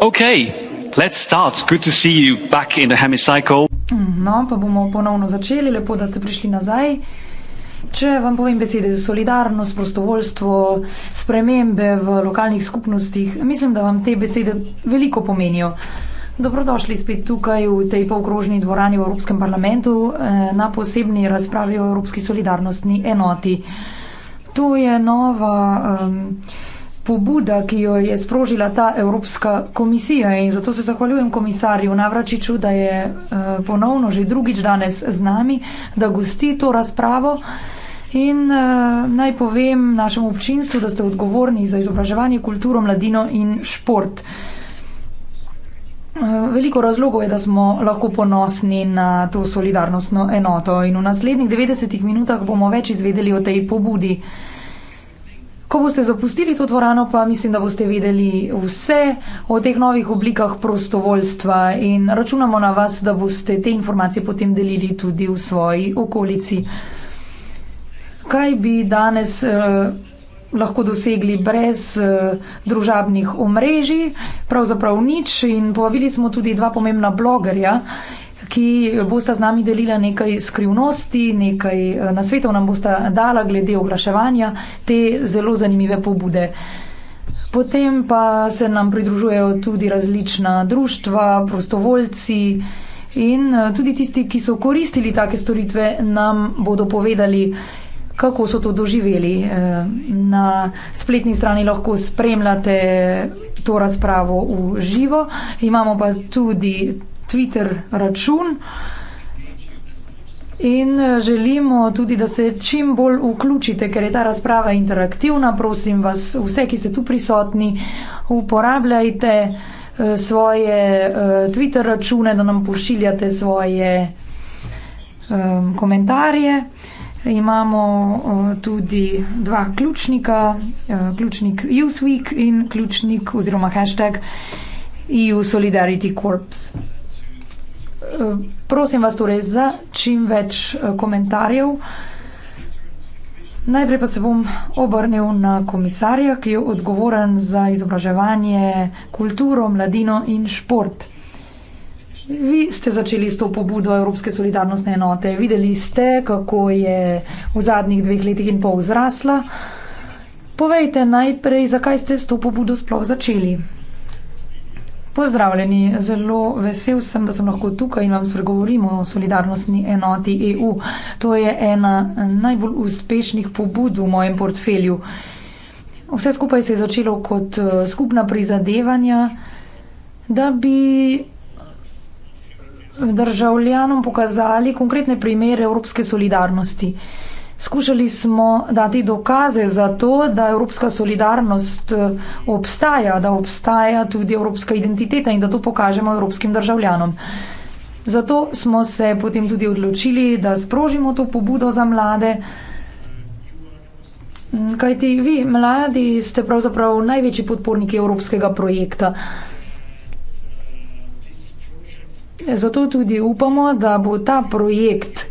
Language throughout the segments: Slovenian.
Okay, let's start. Good to see you back in the hemicycle. Mm, no, pa bomo ponovno začeli. Lepo, da ste prišli nazaj. Če vam povem besede solidarnost, prostovoljstvo, spremembe v lokalnih skupnostih, mislim, da vam te besede veliko pomenijo. Dobrodošli spet tukaj v tej polkrožni dvorani v Evropskem parlamentu eh, na posebni razpravi o Evropski solidarnostni enoti. To je nova. Um, pobuda, ki jo je sprožila ta Evropska komisija in zato se zahvaljujem komisarju Navračiču, da je eh, ponovno že drugič danes z nami, da gosti to razpravo. In uh, naj povem našemu občinstvu, da ste odgovorni za izobraževanje, kulturo, mladino in šport. Uh, veliko razlogov je, da smo lahko ponosni na to solidarnostno enoto in v naslednjih 90 minutah bomo več izvedeli o tej pobudi. Uh, Ko boste zapustili to dvorano, pa mislim, da boste vedeli vse o teh novih oblikah prostovoljstva in računamo na vas, da boste te informacije potem delili tudi v svoji okolici. Kaj bi danes eh, lahko dosegli brez eh, družabnih omrežij? Pravzaprav nič in povabili smo tudi dva pomembna blogerja, ki bosta z nami delila nekaj skrivnosti, nekaj eh, nasvetov nam bosta dala glede oglaševanja te zelo zanimive pobude. Potem pa se nam pridružujejo tudi različna društva, prostovoljci in eh, tudi tisti, ki so koristili take storitve, nam bodo povedali, kako so to doživeli. Eh, na spletni strani lahko spremljate to razpravo v živo. Imamo pa tudi Twitter račun. In eh, želimo tudi, da se čim bolj vključite, ker je ta razprava interaktivna. Prosim vas, vse, ki ste tu prisotni, uporabljajte eh, svoje eh, Twitter račune, da nam pošiljate svoje um, komentarje. Imamo uh, tudi dva ključnika, uh, ključnik Youth Week in ključnik oziroma hashtag EU Solidarity Corps prosim vas torej za čim več eh, komentarjev. Najprej pa se bom obrnil na komisarja, ki je odgovoren za izobraževanje, kulturo, mladino in šport. Vi ste začeli s to pobudo Evropske solidarnostne enote. Videli ste, kako je v zadnjih dveh letih in pol zrasla. Povejte najprej, zakaj ste s to pobudo sploh začeli. Pozdravljeni, zelo vesel sem, da sem lahko tukaj in vam spregovorim o solidarnostni enoti EU. To je ena najbolj uspešnih pobud v mojem portfelju. Vse skupaj se je začelo kot eh, skupna prizadevanja, da bi državljanom pokazali konkretne primere evropske solidarnosti. Skušali smo dati dokaze za to, da evropska solidarnost eh, obstaja, da obstaja tudi evropska identiteta in da to pokažemo evropskim državljanom. Zato smo se potem tudi odločili, da sprožimo to pobudo za mlade. Mm, kajti vi, mladi, ste pravzaprav največji podporniki evropskega projekta. Zato tudi upamo, da bo ta projekt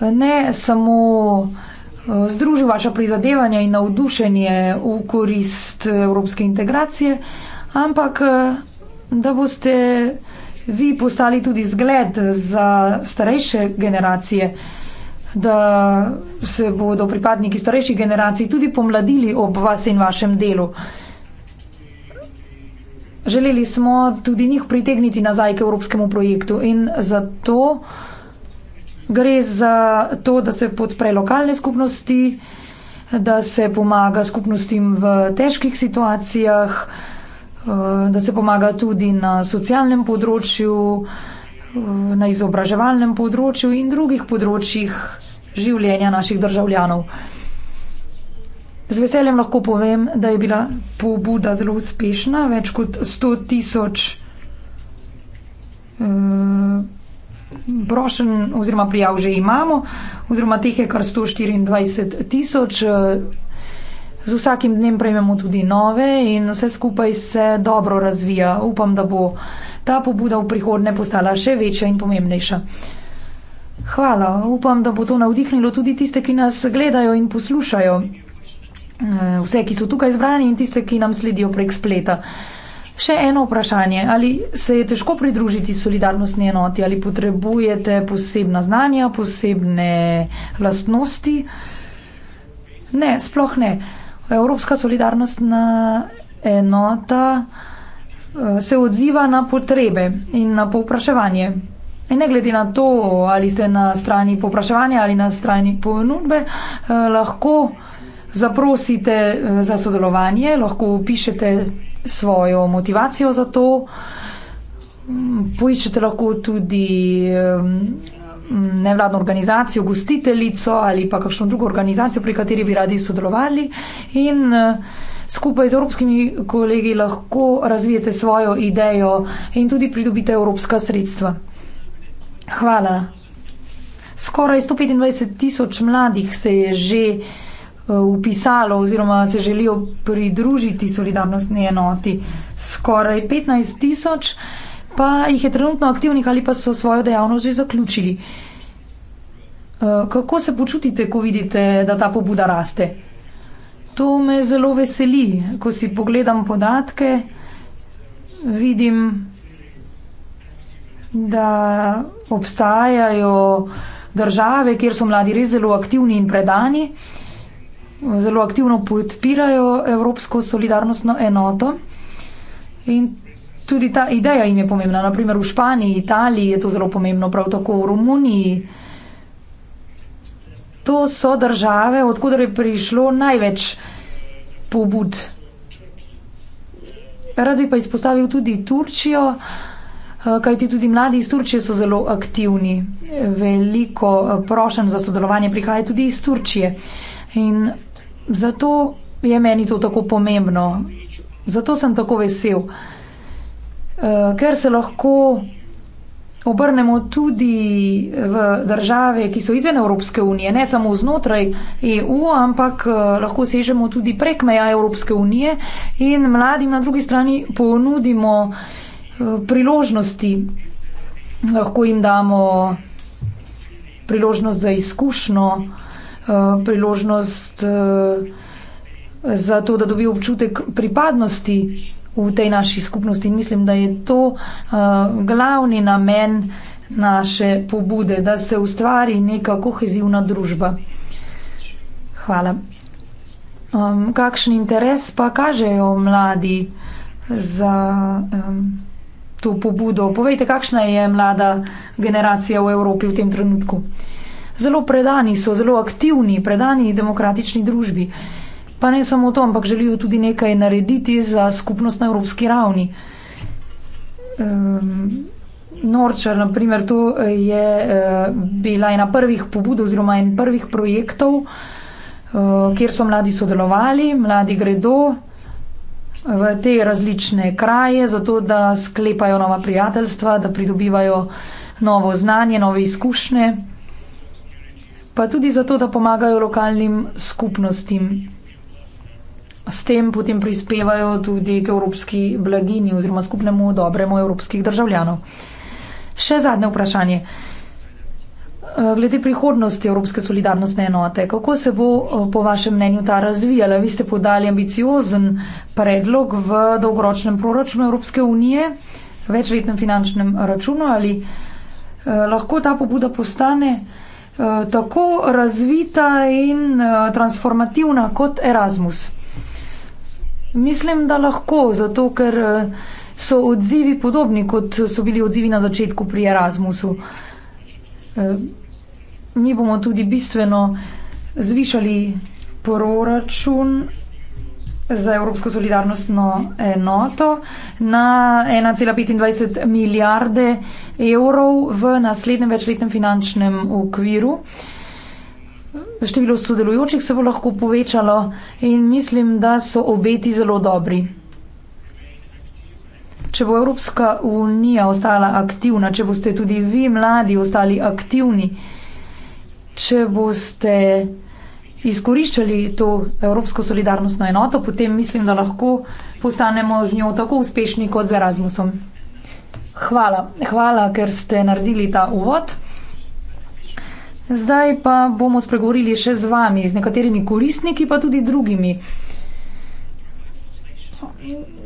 ne samo eh, združi vaša prizadevanja in navdušenje v korist eh, evropske integracije, ampak eh, da boste vi postali tudi zgled za starejše generacije, da se bodo pripadniki starejših generacij tudi pomladili ob vas in vašem delu. Želeli smo tudi njih pritegniti nazaj k evropskemu projektu in zato Gre za to, da se podpre lokalne skupnosti, da se pomaga skupnostim v težkih situacijah, eh, da se pomaga tudi na socialnem področju, eh, na izobraževalnem področju in drugih področjih življenja naših državljanov. Z veseljem lahko povem, da je bila pobuda zelo uspešna, več kot 100 tisoč. Eh, Prošen oziroma prijav že imamo, oziroma teh je kar 124 tisoč. Z vsakim dnem prejmemo tudi nove in vse skupaj se dobro razvija. Upam, da bo ta pobuda v prihodnje postala še večja in pomembnejša. Hvala. Upam, da bo to navdihnilo tudi tiste, ki nas gledajo in poslušajo. Eh, vse, ki so tukaj zbrani in tiste, ki nam sledijo prek spleta. Še eno vprašanje. Ali se je težko pridružiti solidarnostni enoti, ali potrebujete posebna znanja, posebne lastnosti? Ne, sploh ne. Evropska solidarnostna enota eh, se odziva na potrebe in na povpraševanje. In ne glede na to, ali ste na strani povpraševanja ali na strani ponudbe, eh, lahko zaprosite eh, za sodelovanje, lahko pišete svojo motivacijo za to. Poiščete lahko tudi nevladno organizacijo, gostiteljico ali pa kakšno drugo organizacijo, pri kateri bi radi sodelovali in eh, skupaj z evropskimi kolegi lahko razvijete svojo idejo in tudi pridobite evropska sredstva. Hvala. Skoraj 125 tisoč mladih se je že upisalo eh, oziroma se želijo pridružiti solidarnostni enoti. Skoraj 15 tisoč pa jih je trenutno aktivnih ali pa so svojo dejavnost že zaključili. Eh, kako se počutite, ko vidite, da ta pobuda raste? To me zelo veseli, ko si pogledam podatke, vidim, da obstajajo države, kjer so mladi res zelo aktivni in predani zelo aktivno podpirajo Evropsko solidarnostno enoto. In tudi ta ideja jim je pomembna. Naprimer v Španiji, Italiji je to zelo pomembno, prav tako v Romuniji. To so države, odkudar je prišlo največ pobud. Rad bi pa izpostavil tudi Turčijo, eh, kajti tudi mladi iz Turčije so zelo aktivni. Veliko eh, prošen za sodelovanje prihaja tudi iz Turčije. In Zato je meni to tako pomembno, zato sem tako vesel, eh, ker se lahko obrnemo tudi v države, ki so izven Evropske unije, ne samo znotraj EU, ampak eh, lahko sežemo tudi prek meja Evropske unije in mladim na drugi strani ponudimo eh, priložnosti, lahko jim damo priložnost za izkušnjo. Eh, priložnost eh, za to, da dobijo občutek pripadnosti v tej naši skupnosti. In mislim, da je to eh, glavni namen naše pobude, da se ustvari neka kohezivna družba. Hvala. Um, kakšen interes pa kažejo mladi za um, to pobudo? Povejte, kakšna je mlada generacija v Evropi v tem trenutku? Uh, zelo predani, so zelo aktivni, predani demokratični družbi. Pa ne samo to, ampak želijo tudi nekaj narediti za skupnost na evropski ravni. Um, Norčar, na primer, to je uh, bila ena prvih pobud oziroma en prvih projektov, uh, kjer so mladi sodelovali, mladi gredo v te različne kraje, zato da sklepajo nova prijateljstva, da pridobivajo novo znanje, nove izkušnje pa tudi zato, da pomagajo lokalnim skupnostim. S tem potem prispevajo tudi k evropski blaginji oziroma skupnemu dobremu evropskih državljanov. Še zadnje vprašanje. Eh, glede prihodnosti Evropske solidarnostne enote, kako se bo eh, po vašem mnenju ta razvijala? Vi ste podali ambiciozen predlog v dolgoročnem proračunu Evropske unije, večletnem finančnem računu ali eh, lahko ta pobuda postane eh, Eh, tako razvita in eh, transformativna kot Erasmus. Mislim, da lahko, zato ker eh, so odzivi podobni, kot so bili odzivi na začetku pri Erasmusu. Mi bomo tudi bistveno zvišali proračun za Evropsko solidarnostno enoto na 1,25 milijarde evrov v naslednjem večletnem finančnem okviru. Število sodelujočih se bo lahko povečalo in mislim, da so obeti zelo dobri. Če bo Evropska unija ostala aktivna, če boste tudi vi mladi ostali aktivni, če boste izkoriščali to evropsko solidarnostno enoto, potem mislim, da lahko postanemo z njo tako uspešni kot z Erasmusom. Hvala, hvala, ker ste naredili ta uvod. Zdaj pa bomo spregovorili še z vami, z nekaterimi koristniki, pa tudi drugimi.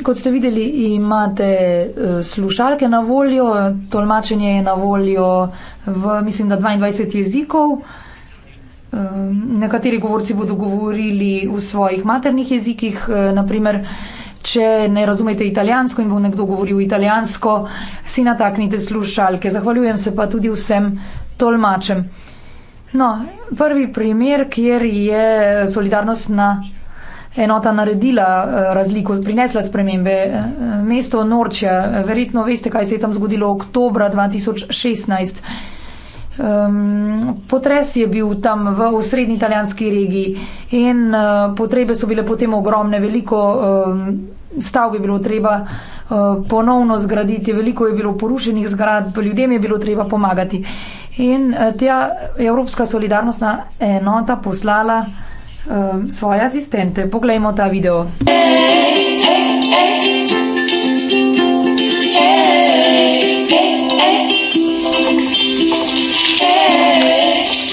Kot ste videli, imate e, slušalke na voljo, tolmačenje je na voljo v, mislim, da 22 jezikov. Um, nekateri govorci bodo govorili v svojih maternih jezikih, eh, naprimer, če ne razumete italijansko in bo nekdo govoril italijansko, si nataknite slušalke. Zahvaljujem se pa tudi vsem tolmačem. No, prvi primer, kjer je solidarnostna enota naredila eh, razliko, prinesla spremembe. Eh, mesto Norče, verjetno veste, kaj se je tam zgodilo oktobra 2016. Um, potres je bil tam v osrednji italijanski regiji in uh, potrebe so bile potem ogromne, veliko um, stavb je bilo treba uh, ponovno zgraditi, veliko je bilo porušenih zgradb, ljudem je bilo treba pomagati. In uh, tja Evropska solidarnostna enota poslala uh, svoje asistente. Poglejmo ta video. Hey, hey, hey.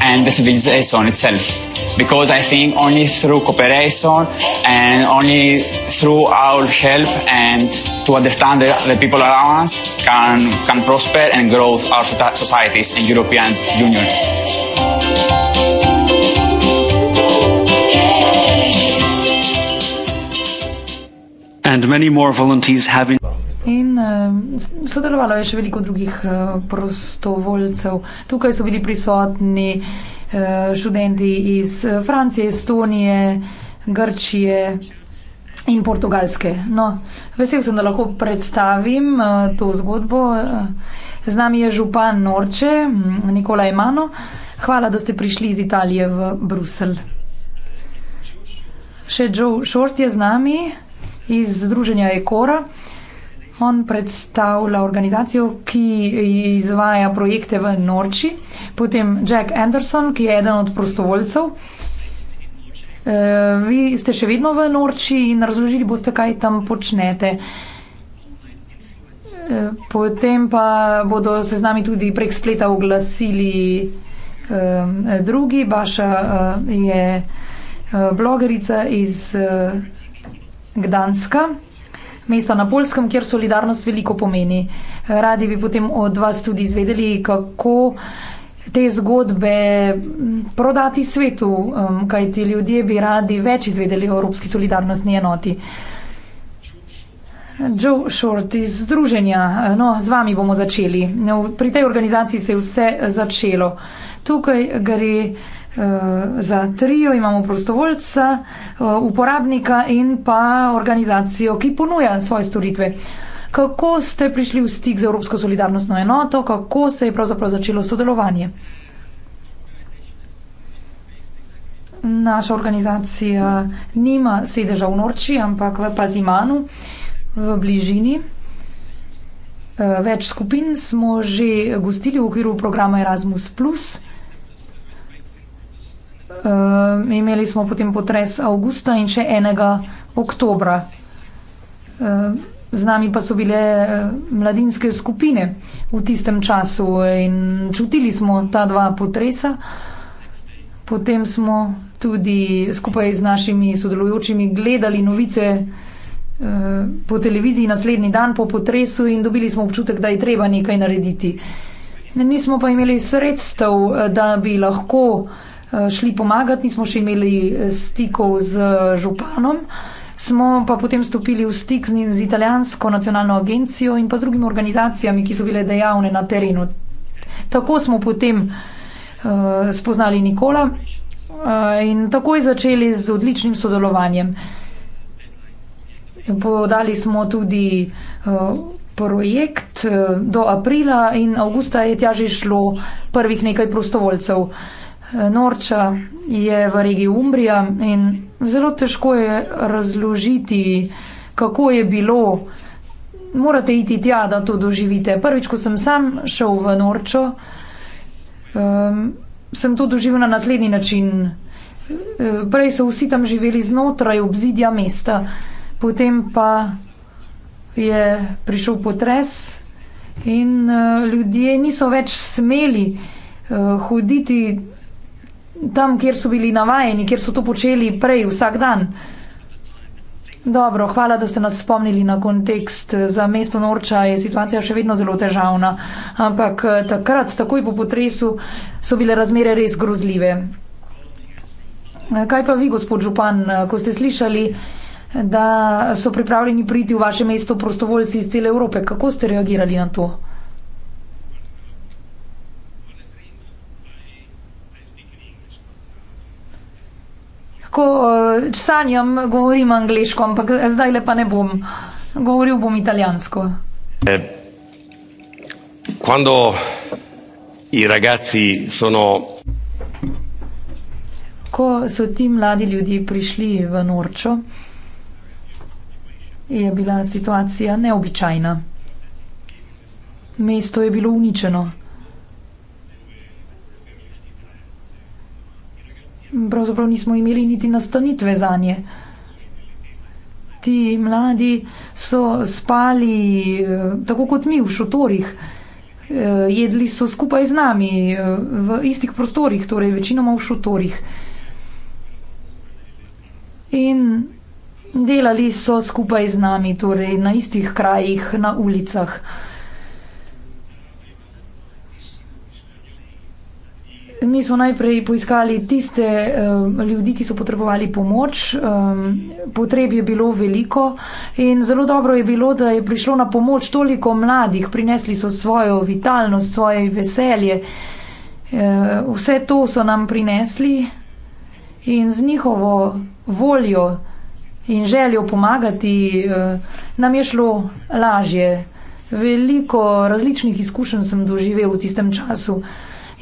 and the civilization itself. Because I think only through cooperation and only through our help and to understand the, the people around us can, can prosper and grow our societies and European Union. And many more volunteers having. Been- In uh, sodelovalo je še veliko drugih uh, prostovoljcev. Tukaj so bili prisotni uh, študenti iz Francije, Estonije, Grčije in Portugalske. No, vesel sem, da lahko predstavim uh, to zgodbo. Z nami je župan Norče, mm, Nikola Emano. Hvala, da ste prišli iz Italije v Brusel. Še Joe Short je z nami iz Združenja Ekora. Uh, On predstavlja organizacijo, ki izvaja projekte v Norči, potem Jack Anderson, ki je eden od prostovoljcev. E, vi ste še vedno v Norči in razložili boste, kaj tam počnete. E, potem pa bodo se z nami tudi prek spleta oglasili e, drugi. Baša je blogerica iz Gdanska mesta na Polskem, kjer solidarnost veliko pomeni. Radi bi potem od vas tudi izvedeli, kako te zgodbe prodati svetu, kaj ti ljudje bi radi več izvedeli o Evropski solidarnostni enoti. Joe Short iz Združenja, no, z vami bomo začeli. No, pri tej organizaciji se je vse začelo. Tukaj gre Eh, za trio imamo prostovoljca, eh, uporabnika in pa organizacijo, ki ponuja svoje storitve. Kako ste prišli v stik z Evropsko solidarnostno enoto, kako se je pravzaprav začelo sodelovanje? Naša organizacija nima sedeža v Norči, ampak v Pazimanu, v bližini. Eh, več skupin smo že gostili v okviru programa Erasmus. Um, imeli smo potem potres avgusta in še enega oktobra. Um, z nami pa so bile eh, mladinske skupine v tistem času in čutili smo ta dva potresa. Potem smo tudi skupaj z našimi sodelujočimi gledali novice eh, po televiziji naslednji dan po potresu in dobili smo občutek, da je treba nekaj narediti. Nismo pa imeli sredstev, eh, da bi lahko uh, Eh, šli pomagati, nismo še imeli eh, stikov z eh, županom. Smo pa potem stopili v stik z, z italijansko nacionalno agencijo in pa drugimi organizacijami, ki so bile dejavne na terenu. Tako smo potem uh, spoznali Nikola uh, in takoj začeli z odličnim sodelovanjem. Podali smo tudi uh, projekt uh, do aprila in avgusta je tja že šlo prvih nekaj prostovoljcev. Uh, Norča je v regiji Umbrija in zelo težko je razložiti, kako je bilo. Morate iti tja, da to doživite. Prvič, ko sem sam šel v Norčo, um, sem to doživel na naslednji način. Eh, prej so vsi tam živeli znotraj obzidja mesta, potem pa je prišel potres in eh, ljudje niso več smeli eh, hoditi tam, kjer so bili navajeni, kjer so to počeli prej vsak dan. Dobro, hvala, da ste nas spomnili na kontekst. Za mesto Norča je situacija še vedno zelo težavna, ampak eh, takrat, takoj po potresu, so bile razmere res grozljive. Eh, kaj pa vi, gospod Župan, eh, ko ste slišali, da so pripravljeni priti v vaše mesto prostovoljci iz cele Evrope, kako ste reagirali na to? ko uh, sanjam, govorim angliško, ampak zdaj lepa ne bom. Govoril bom italijansko. Ko eh, ragazzi sono. Ko so ti mladi ljudje prišli v norčo, je bila situacija neobičajna. Mesto je bilo uničeno. pravzaprav nismo imeli niti nastanitve za nje. Ti mladi so spali eh, tako kot mi v šotorih, eh, jedli so skupaj z nami eh, v istih prostorih, torej večinoma v šotorih. In delali so skupaj z nami, torej na istih krajih, na ulicah. Mi smo najprej poiskali tiste um, ljudi, ki so potrebovali pomoč. Um, potreb je bilo veliko in zelo dobro je bilo, da je prišlo na pomoč toliko mladih. Prinesli so svojo vitalnost, svoje veselje. Um, vse to so nam prinesli in z njihovo voljo in željo pomagati um, nam je šlo lažje. Veliko različnih izkušenj sem doživel v tistem času.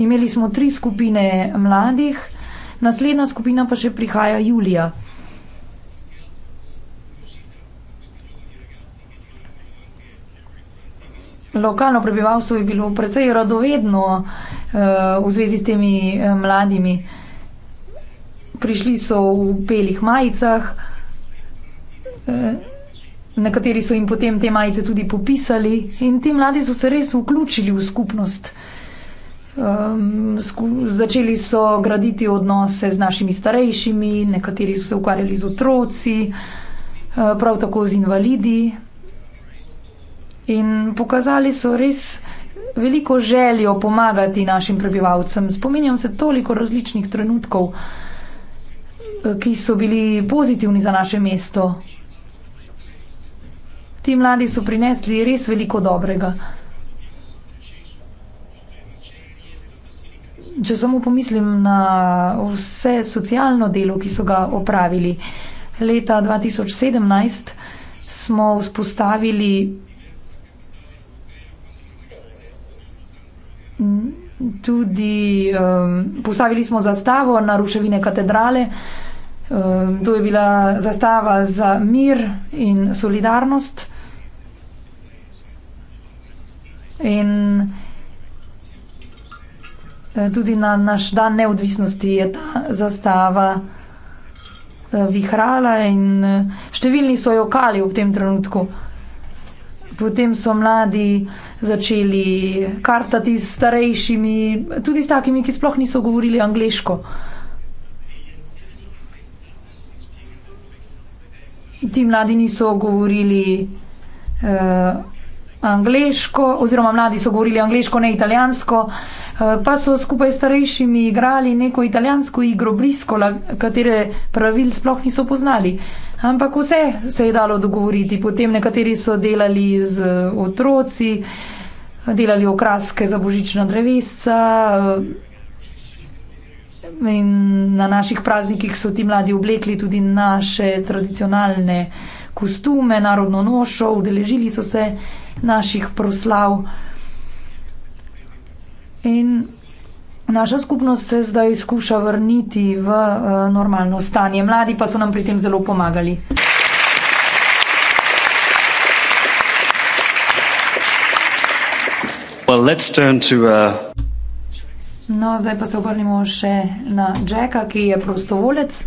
Imeli smo tri skupine mladih, naslednja skupina pa še prihaja julija. Lokalno prebivalstvo je bilo precej radovedno eh, v zvezi s temi eh, mladimi. Prišli so v belih majicah, eh, nekateri so jim potem te majice tudi popisali in ti mladi so se res vključili v skupnost. Um, sku, začeli so graditi odnose z našimi starejšimi, nekateri so se ukvarjali z otroci, eh, prav tako z invalidi. In pokazali so res veliko željo pomagati našim prebivalcem. Spominjam se toliko različnih trenutkov, eh, ki so bili pozitivni za naše mesto. Ti mladi so prinesli res veliko dobrega. če samo pomislim na vse socialno delo, ki so ga opravili. Leta 2017 smo vzpostavili tudi um, postavili smo zastavo na ruševine katedrale. Um, to je bila zastava za mir in solidarnost. In Eh, tudi na naš dan neodvisnosti je ta zastava eh, vihrala in eh, številni so jo kali v tem trenutku. Potem so mladi začeli kartati s starejšimi, tudi s takimi, ki sploh niso govorili angliško. Ti mladi niso govorili. Uh, angliško, oziroma mladi so govorili angliško, ne italijansko, eh, pa so skupaj s starejšimi igrali neko italijansko igro briskola, katere pravil sploh niso poznali. Ampak vse se je dalo dogovoriti, potem nekateri so delali z eh, otroci, delali okraske za božična drevesca. Eh, in na naših praznikih so ti mladi oblekli tudi naše tradicionalne kostume, narodno nošo, udeležili so se naših proslav. In naša skupnost se zdaj skuša vrniti v eh, normalno stanje. Mladi pa so nam pri tem zelo pomagali. Well, to, uh... No, zdaj pa se obrnimo še na Jacka, ki je prostovolec.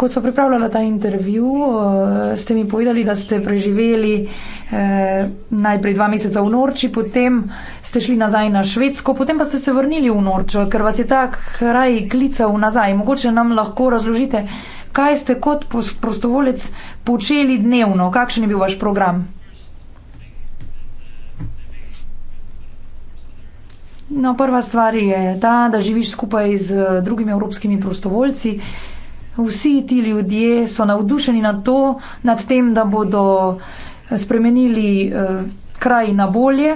Ko smo pripravljali ta intervju, eh, ste mi povedali, da ste preživeli eh, najprej dva meseca v Norči, potem ste šli nazaj na Švedsko, potem pa ste se vrnili v Norčo, ker vas je tak raj klical nazaj. Mogoče nam lahko razložite, kaj ste kot prostovolec počeli dnevno, kakšen je bil vaš program. No, prva stvar je ta, da živiš skupaj z drugimi evropskimi prostovoljci vsi ti ljudje so navdušeni na to, nad tem, da bodo eh, spremenili eh, kraj na bolje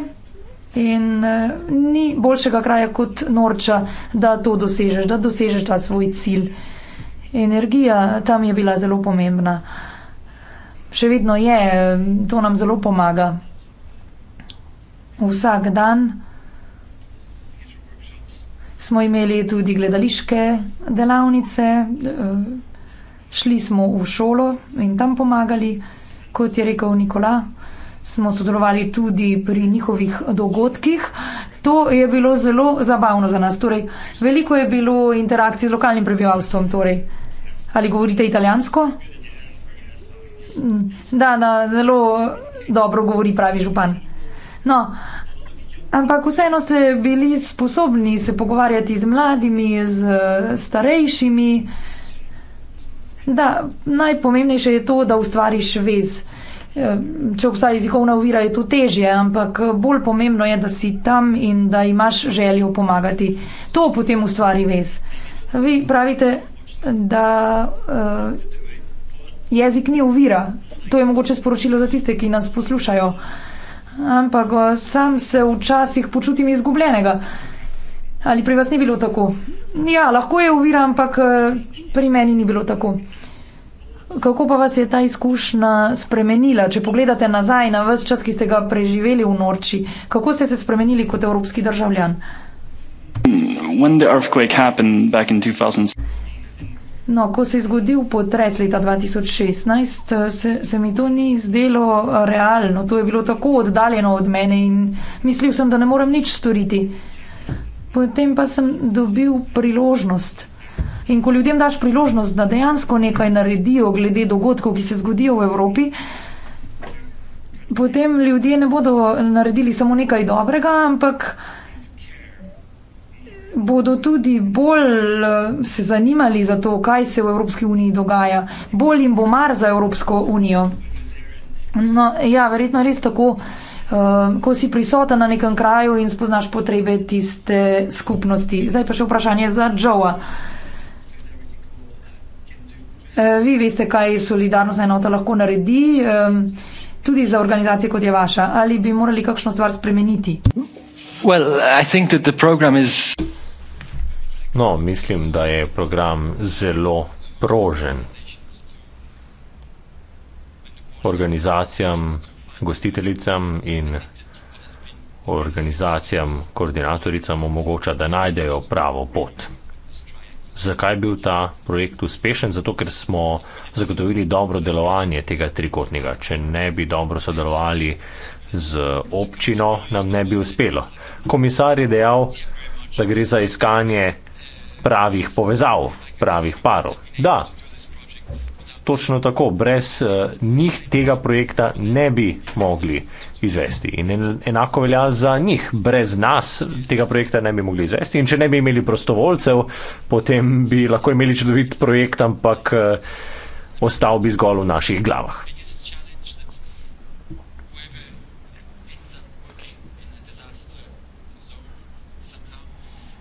in eh, ni boljšega kraja kot norča, da to dosežeš, da dosežeš ta svoj cilj. Energija tam je bila zelo pomembna. Še vedno je, eh, to nam zelo pomaga. Vsak dan smo imeli tudi gledališke delavnice, eh, šli smo v šolo in tam pomagali, kot je rekel Nikola, smo sodelovali tudi pri njihovih dogodkih. To je bilo zelo zabavno za nas. Torej, veliko je bilo interakcij z lokalnim prebivalstvom. Torej. Ali govorite italijansko? Da, da, zelo dobro govori pravi župan. No, Ampak vseeno ste bili sposobni se pogovarjati z mladimi, z eh, starejšimi. Da, najpomembnejše je to, da ustvariš vez. Eh, če obstaja jezikovna uvira, je to težje, ampak eh, bolj pomembno je, da si tam in da imaš željo pomagati. To potem ustvari vez. Vi pravite, da uh, jezik ni uvira. To je mogoče sporočilo za tiste, ki nas poslušajo. Uh, ampak sam se včasih počutim izgubljenega. Ali pri vas ni bilo tako? Ja, lahko je uvira, ampak e, pri meni ni bilo tako. Kako pa vas je ta izkušnja spremenila, če pogledate nazaj na vse čas, ki ste ga preživeli v noči? Kako ste se spremenili kot evropski državljan? 2000... Hmm, No, ko se je zgodil potres leta 2016, eh, se, se mi to ni zdelo eh, realno. To je bilo tako oddaljeno od mene in mislil sem, da ne morem nič storiti. Potem pa sem dobil priložnost. In ko ljudem daš priložnost, da dejansko nekaj naredijo glede dogodkov, ki se zgodijo v Evropi, potem ljudje ne bodo naredili samo nekaj dobrega, ampak bodo tudi bolj eh, se zanimali za to, kaj se v Evropski uniji dogaja, bolj jim bo mar za Evropsko unijo. No, ja, verjetno je res tako, eh, ko si prisoten na nekem kraju in spoznaš potrebe tiste skupnosti. Zdaj pa še vprašanje za Joa. Eh, vi veste, kaj solidarnost enota lahko naredi, tudi za organizacije, kot je vaša. Ali bi morali kakšno stvar spremeniti? Well, I think that the program is... No, mislim, da je program zelo prožen. Organizacijam, gostiteljicam in organizacijam, koordinatoricam omogoča, da najdejo pravo pot. Zakaj je bil ta projekt uspešen? Zato, ker smo zagotovili dobro delovanje tega trikotnega. Če ne bi dobro sodelovali z občino, nam ne bi uspelo. Komisar je dejal, da gre za iskanje pravih povezav, pravih parov. Da, točno tako, brez uh, njih tega projekta ne bi mogli izvesti. In enako velja za njih, brez nas tega projekta ne bi mogli izvesti. In če ne bi imeli prostovoljcev, potem bi lahko imeli čudovit projekt, ampak uh, ostal bi zgolj v naših glavah.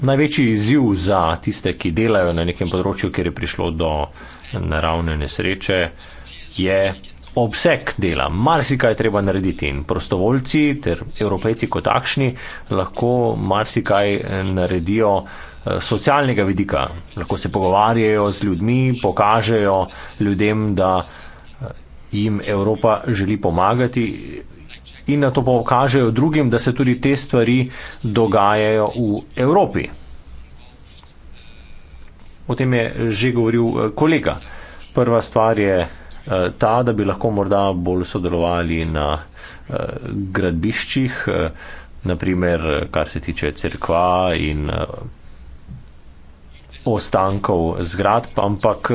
Največji izziv za tiste, ki delajo na nekem področju, kjer je prišlo do naravne nesreče, je obseg dela. Marsikaj je treba narediti in prostovoljci ter evropejci kot takšni lahko marsikaj eh, naredijo eh, socialnega vidika. Lahko se pogovarjajo z ljudmi, pokažejo ljudem, da eh, jim Evropa želi pomagati, in na to pa pokažejo drugim, da se tudi te stvari dogajajo v Evropi. O tem je že govoril eh, kolega. Prva stvar je eh, ta, da bi lahko morda bolj sodelovali na eh, gradbiščih, naprimer kar se tiče crkva in ostankov zgradb, ampak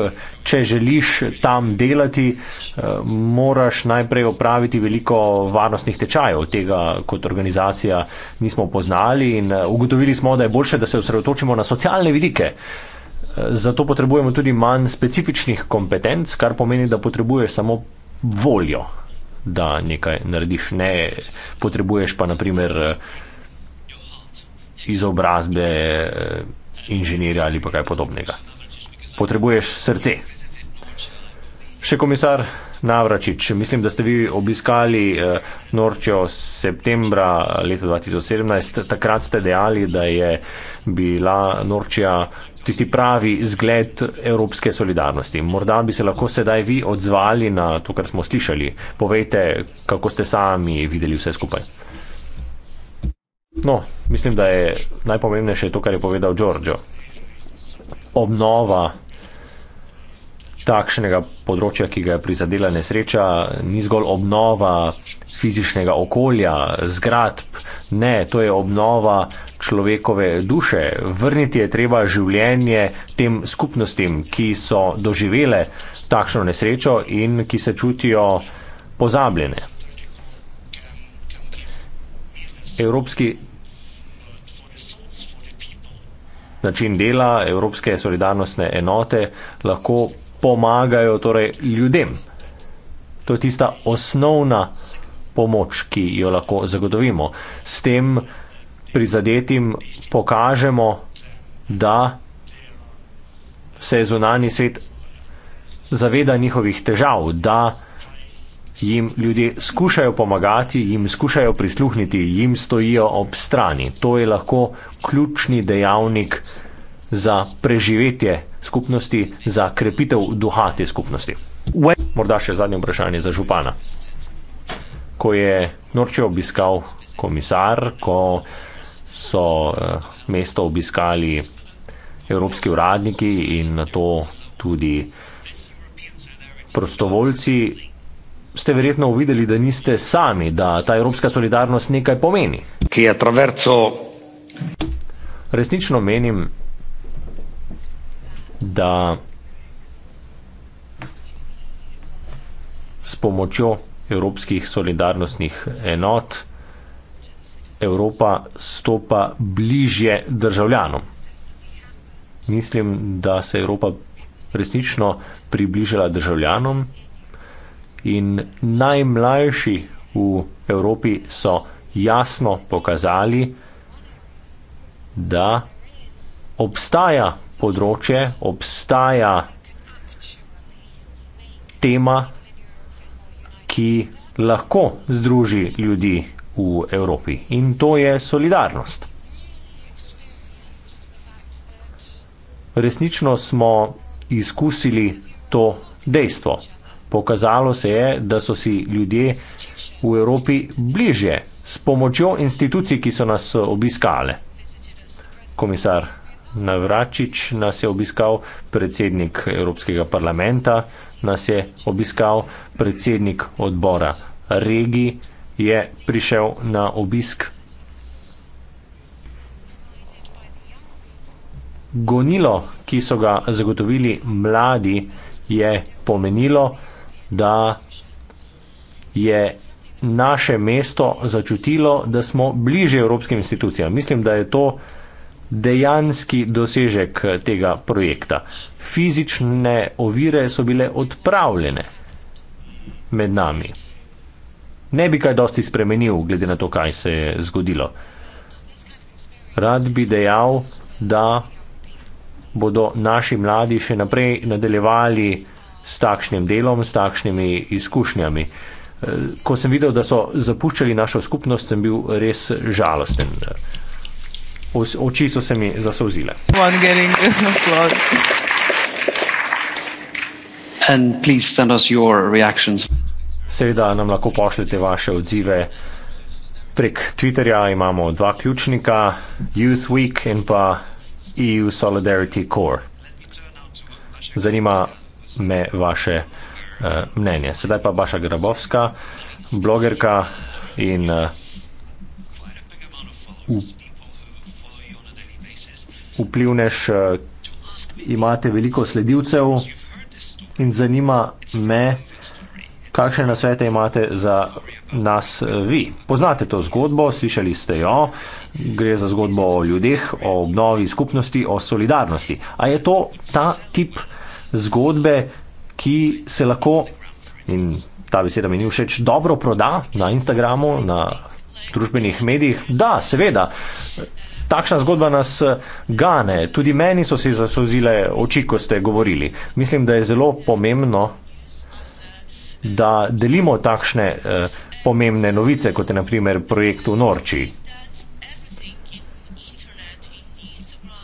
če želiš tam delati, eh, moraš najprej opraviti veliko varnostnih tečajev. Tega kot organizacija nismo poznali in eh, ugotovili smo, da je boljše, da se osredotočimo na socialne vidike. Eh, zato potrebujemo tudi manj specifičnih kompetenc, kar pomeni, da potrebuješ samo voljo, da nekaj narediš. Ne potrebuješ pa naprimer izobrazbe inženirja ali pa kaj podobnega. Potrebuješ srce. Še komisar Navračič, mislim, da ste vi obiskali eh, Norčo septembra leta 2017. Takrat ste dejali, da je bila Norčja tisti pravi zgled evropske solidarnosti. Morda bi se lahko sedaj vi odzvali na to, kar smo slišali. Povejte, kako ste sami videli vse skupaj. No, mislim, da je najpomembnejše to, kar je povedal Giorgio. Obnova takšnega področja, ki ga je prizadela nesreča, ni zgolj obnova fizičnega okolja, zgradb, ne, to je obnova človekove duše. Vrniti je treba življenje tem skupnostim, ki so doživele takšno nesrečo in ki se čutijo pozabljene. Evropski način dela Evropske solidarnostne enote lahko pomagajo torej, ljudem. To je tista osnovna pomoč, ki jo lahko zagotovimo. S tem prizadetim pokažemo, da se je zunani svet zaveda njihovih težav, da jim ljudje skušajo pomagati, jim skušajo prisluhniti, jim stojijo ob strani. To je lahko ključni dejavnik za preživetje skupnosti, za krepitev duha te skupnosti. Morda še zadnje vprašanje za župana. Ko je Norče obiskal komisar, ko so eh, mesto obiskali evropski uradniki in na to tudi prostovoljci, ste verjetno uvideli, da niste sami, da ta evropska solidarnost nekaj pomeni. Ki je traverso. Resnično menim, da s pomočjo evropskih solidarnostnih enot Evropa stopa bližje državljanom. Mislim, da se je Evropa resnično približala državljanom in najmlajši v Evropi so jasno pokazali, da obstaja področje, obstaja tema, ki lahko združi ljudi v Evropi in to je solidarnost. Resnično smo izkusili to dejstvo. Pokazalo se je, da so si ljudje v Evropi bliže s pomočjo institucij, ki so nas obiskale. Komisar Navračič nas je obiskal, predsednik Evropskega parlamenta nas je obiskal, predsednik odbora regij je prišel na obisk. Gonilo, ki so ga zagotovili mladi, je pomenilo, da da je naše mesto začutilo, da smo bliže evropskim institucijam. Mislim, da je to dejanski dosežek tega projekta. Fizične ovire so bile odpravljene med nami. Ne bi kaj dosti spremenil, glede na to, kaj se je zgodilo. Rad bi dejal, da bodo naši mladi še naprej nadaljevali s takšnim delom, s takšnimi izkušnjami. E, ko sem videl, da so zapuščali našo skupnost, sem bil res žalosten. Oči so se mi zasozile. Seveda nam lahko pošljete vaše odzive prek Twitterja. Imamo dva ključnika, Youth Week in pa EU Solidarity Corps. Zanima me vaše uh, mnenje. Sedaj pa Baša Grabovska, blogerka in uh, vplivnež, uh, imate veliko sledilcev in zanima me, kakšne nasvete imate za nas vi. Poznate to zgodbo, slišali ste jo, gre za zgodbo o ljudeh, o obnovi skupnosti, o solidarnosti. A je to ta tip uh, zgodbe, ki se lahko, in ta beseda mi ni všeč, dobro proda na Instagramu, na družbenih medijih. Da, seveda, takšna zgodba nas eh, gane. Tudi meni so se zasozile oči, ko ste govorili. Mislim, da je zelo pomembno, da delimo takšne eh, pomembne novice, kot je naprimer projekt v Norči.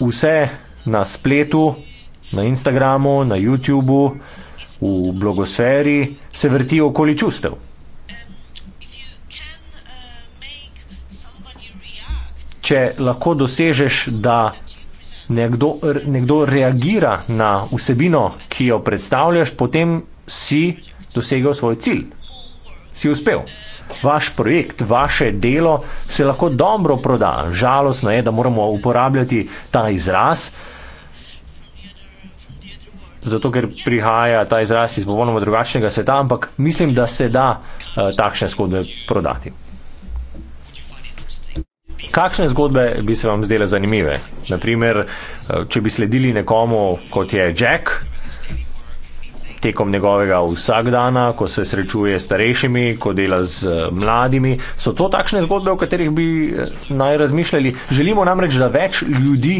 Vse na spletu na Instagramu, na YouTubu, v blogosferi, se vrti okoli čustev. Če lahko dosežeš, da nekdo, nekdo reagira na vsebino, ki jo predstavljaš, potem si dosegel svoj cilj. Si uspel. Vaš projekt, vaše delo se lahko dobro proda. Žalostno je, da moramo uporabljati ta izraz, uh, zato ker prihaja ta izraz iz popolnoma drugačnega sveta, ampak mislim, da se da uh, takšne zgodbe prodati. Kakšne zgodbe bi se vam zdele zanimive? Naprimer, eh, če bi sledili nekomu, kot je Jack, tekom njegovega vsakdana, ko se srečuje s starejšimi, ko dela z eh, mladimi, so to takšne zgodbe, o katerih bi naj razmišljali. Želimo namreč, da več ljudi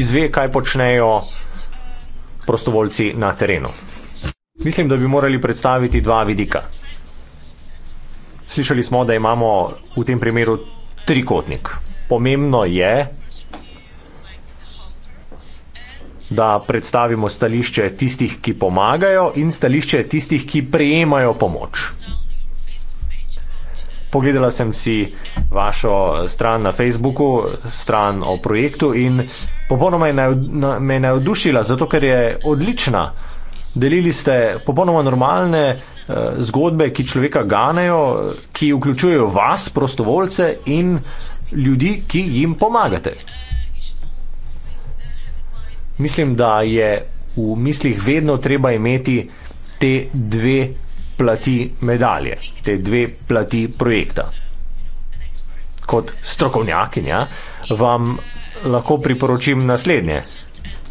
izve, kaj počnejo uh, prostovoljci na terenu. Mislim, da bi morali predstaviti dva vidika. Slišali smo, da imamo v tem primeru trikotnik. Pomembno je, da predstavimo stališče tistih, ki pomagajo, in stališče tistih, ki prejemajo pomoč. Pogledala sem si vašo stran na Facebooku, stran o projektu in popolnoma je navd, na, me je navdušila, zato ker je odlična. Delili ste popolnoma normalne uh, zgodbe, ki človeka ganejo, ki vključujejo vas, prostovoljce in ljudi, ki jim pomagate. Mislim, da je v mislih vedno treba imeti te dve plati medalje, te dve plati projekta. Kot strokovnjakinja vam lahko priporočim naslednje.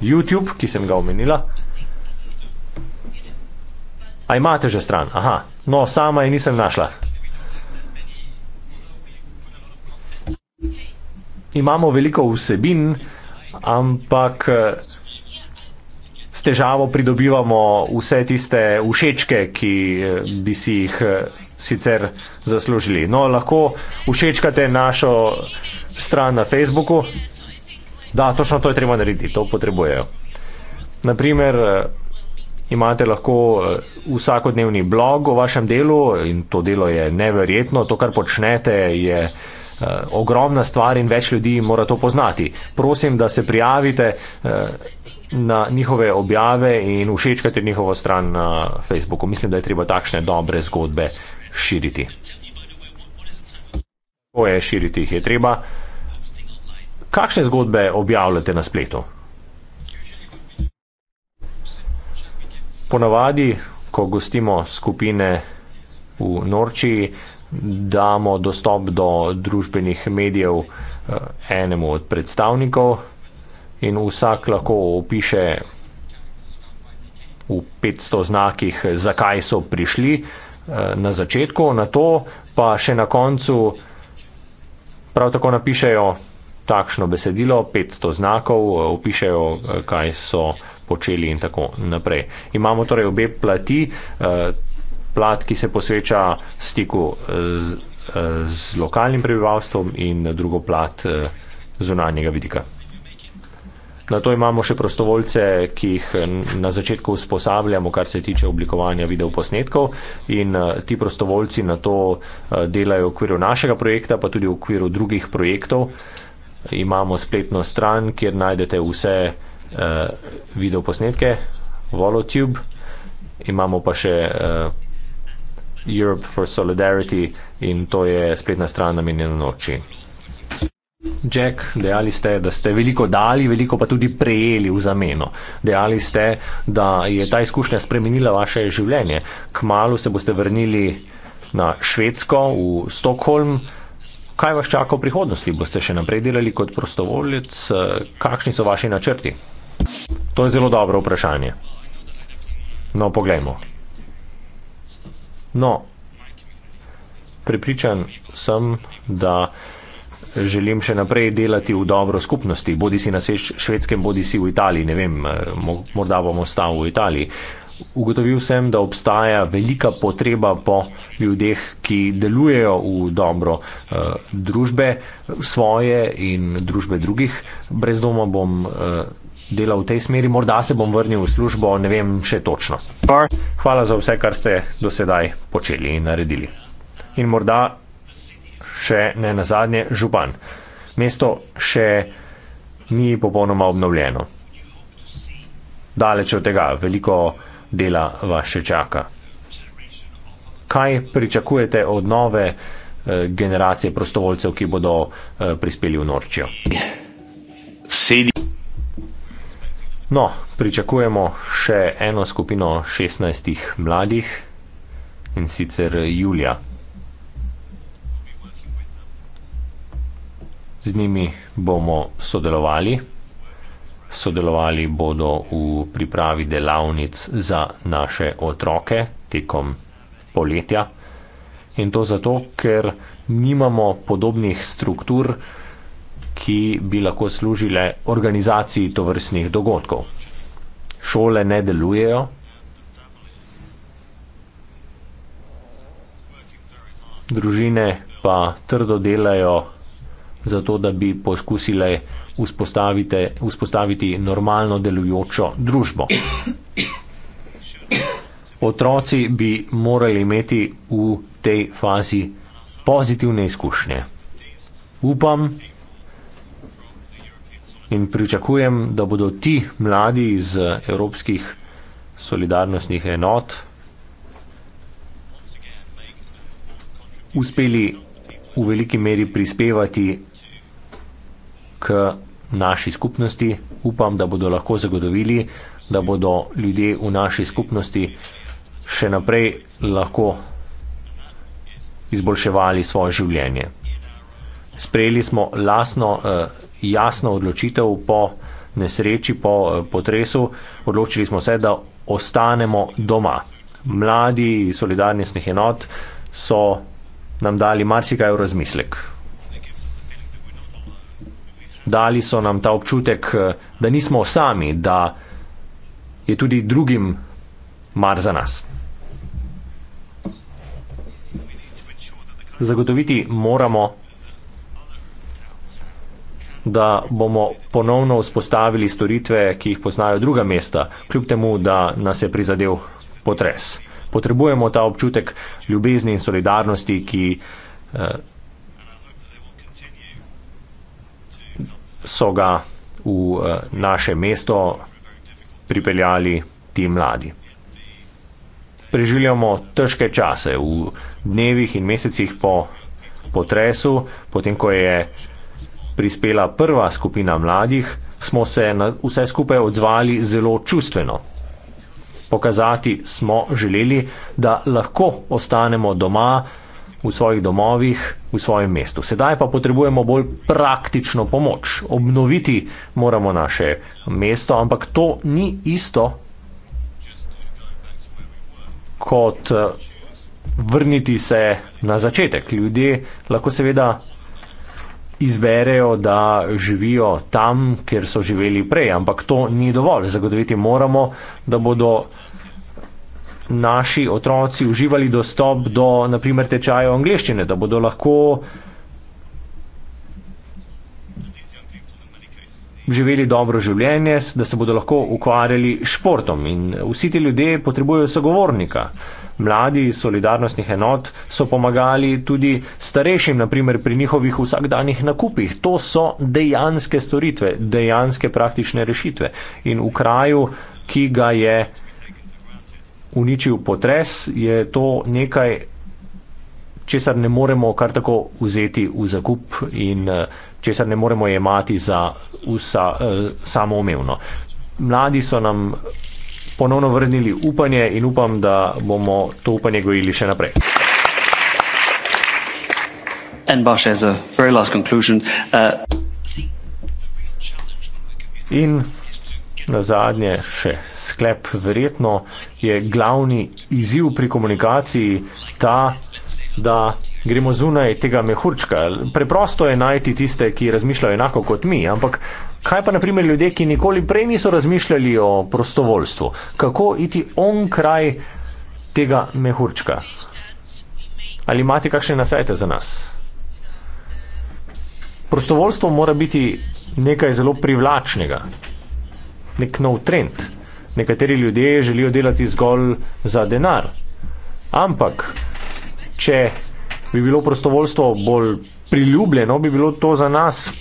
YouTube, ki sem ga omenila. A imate že stran? Aha, no, sama je nisem našla. Imamo veliko vsebin, ampak s težavo pridobivamo vse tiste všečke, ki eh, bi si jih eh, sicer zaslužili. No, lahko všečkate našo stran na Facebooku. Da, točno to je treba narediti, to potrebujejo. Naprimer, eh, imate lahko vsakodnevni blog o vašem delu in to delo je neverjetno, to, kar počnete, je ogromna stvar in več ljudi mora to poznati. Prosim, da se prijavite na njihove objave in všečkati njihovo stran na Facebooku. Mislim, da je treba takšne dobre zgodbe širiti. To je širiti jih je treba. Kakšne zgodbe objavljate na spletu? Ponavadi, ko gostimo skupine v Norči, damo dostop do družbenih medijev eh, enemu od predstavnikov in vsak lahko opiše v 500 znakih, zakaj so prišli eh, na začetku, na to pa še na koncu prav tako napišejo takšno besedilo, 500 znakov, eh, opišejo, eh, kaj so počeli in tako naprej. Imamo torej obe plati, plat, ki se posveča stiku z, z lokalnim prebivalstvom in drugo plat zunanjega vidika. Na to imamo še prostovoljce, ki jih na začetku usposabljamo, kar se tiče oblikovanja videoposnetkov in eh, ti prostovoljci na to eh, delajo v okviru našega projekta, pa tudi v okviru drugih projektov. Imamo spletno stran, kjer najdete vse uh, videoposnetke, Volotube, imamo pa še uh, Europe for Solidarity in to je spletna stran namenjena noči. Jack, dejali ste, da ste veliko dali, veliko pa tudi prejeli v zameno. Dejali ste, da je ta izkušnja spremenila vaše življenje. Kmalo se boste vrnili na Švedsko, v Stokholm. Kaj vas čaka v prihodnosti? Boste še naprej delali kot prostovoljec? Kakšni so vaši načrti? To je zelo dobro vprašanje. No, poglejmo. No, pripričan sem, da želim še naprej delati v dobro skupnosti, bodi si na švedskem, bodi si v Italiji, ne vem, eh, morda bom ostal v Italiji. Ugotovil sem, da obstaja velika potreba po ljudeh, ki delujejo v dobro uh, družbe svoje in družbe drugih. Brez doma bom uh, delal v tej smeri, morda se bom vrnil v službo, ne vem še točno. Hvala za vse, kar ste do sedaj počeli in naredili. In morda še ne na zadnje župan. Mesto še ni popolnoma obnovljeno. Daleč od tega, veliko dela vas še čaka. Kaj pričakujete od nove eh, generacije prostovoljcev, ki bodo eh, prispeli v Norčijo? No, pričakujemo še eno skupino 16 mladih in sicer Julija. Z njimi bomo sodelovali. Sodelovali bodo v pripravi delavnic za naše otroke tekom poletja. In to zato, ker nimamo podobnih struktur, ki bi lahko služile organizaciji tovrstnih dogodkov. Šole ne delujejo. Družine pa trdo delajo zato da bi poskusile vzpostaviti normalno delujočo družbo. Otroci bi morali imeti v tej fazi pozitivne izkušnje. Upam in pričakujem, da bodo ti mladi iz evropskih solidarnostnih enot uspeli v veliki meri prispevati k naši skupnosti. Upam, da bodo lahko zagotovili, da bodo ljudje v naši skupnosti še naprej lahko izboljševali svoje življenje. Sprejeli smo lasno, eh, jasno odločitev po nesreči, po eh, potresu. Odločili smo se, da ostanemo doma. Mladi solidarnostnih enot so nam dali marsikaj v razmislek dali so nam ta občutek, eh, da nismo sami, da je tudi drugim mar za nas. Zagotoviti moramo, da bomo ponovno vzpostavili storitve, ki jih poznajo druga mesta, kljub temu, da nas je prizadel potres. Potrebujemo ta občutek ljubezni in solidarnosti, ki eh, so ga v eh, naše mesto pripeljali ti mladi. Preživljamo težke čase v dnevih in mesecih po potresu, potem ko je prispela prva skupina mladih, smo se na vse skupaj odzvali zelo čustveno. Pokazati smo želeli, da lahko ostanemo doma, v svojih domovih, v svojem mestu. Sedaj pa potrebujemo bolj praktično pomoč. Obnoviti moramo naše mesto, ampak to ni isto kot eh, vrniti se na začetek. Ljudje lahko seveda izberejo, da živijo tam, kjer so živeli prej, ampak to ni dovolj. Zagotoviti moramo, da bodo naši otroci uživali dostop do, naprimer, tečajev angliščine, da bodo lahko živeli dobro življenje, da se bodo lahko ukvarjali športom in vsi ti ljudje potrebujejo sogovornika. Mladi solidarnostnih enot so pomagali tudi starejšim, naprimer pri njihovih vsakdanjih nakupih. To so dejanske storitve, dejanske praktične rešitve. In v kraju, ki ga je uničil potres, je to nekaj, česar ne moremo kar tako vzeti v zakup in eh, česar ne moremo jemati za vsa, eh, samoumevno. Mladi so nam ponovno vrnili upanje in upam, da bomo to upanje gojili še naprej. Uh, in Na zadnje, še sklep, verjetno je glavni izziv pri komunikaciji ta, da gremo zunaj tega mehurčka. Preprosto je najti tiste, ki razmišljajo enako kot mi, ampak kaj pa naprimer ljudje, ki nikoli prej niso razmišljali o prostovoljstvu? Kako iti on kraj tega mehurčka? Ali imate kakšne nasvete za nas? Prostovoljstvo mora biti nekaj zelo privlačnega nek nov trend. Nekateri ljudje želijo delati zgolj za denar. Ampak, če bi bilo prostovoljstvo bolj priljubljeno, bi bilo to za nas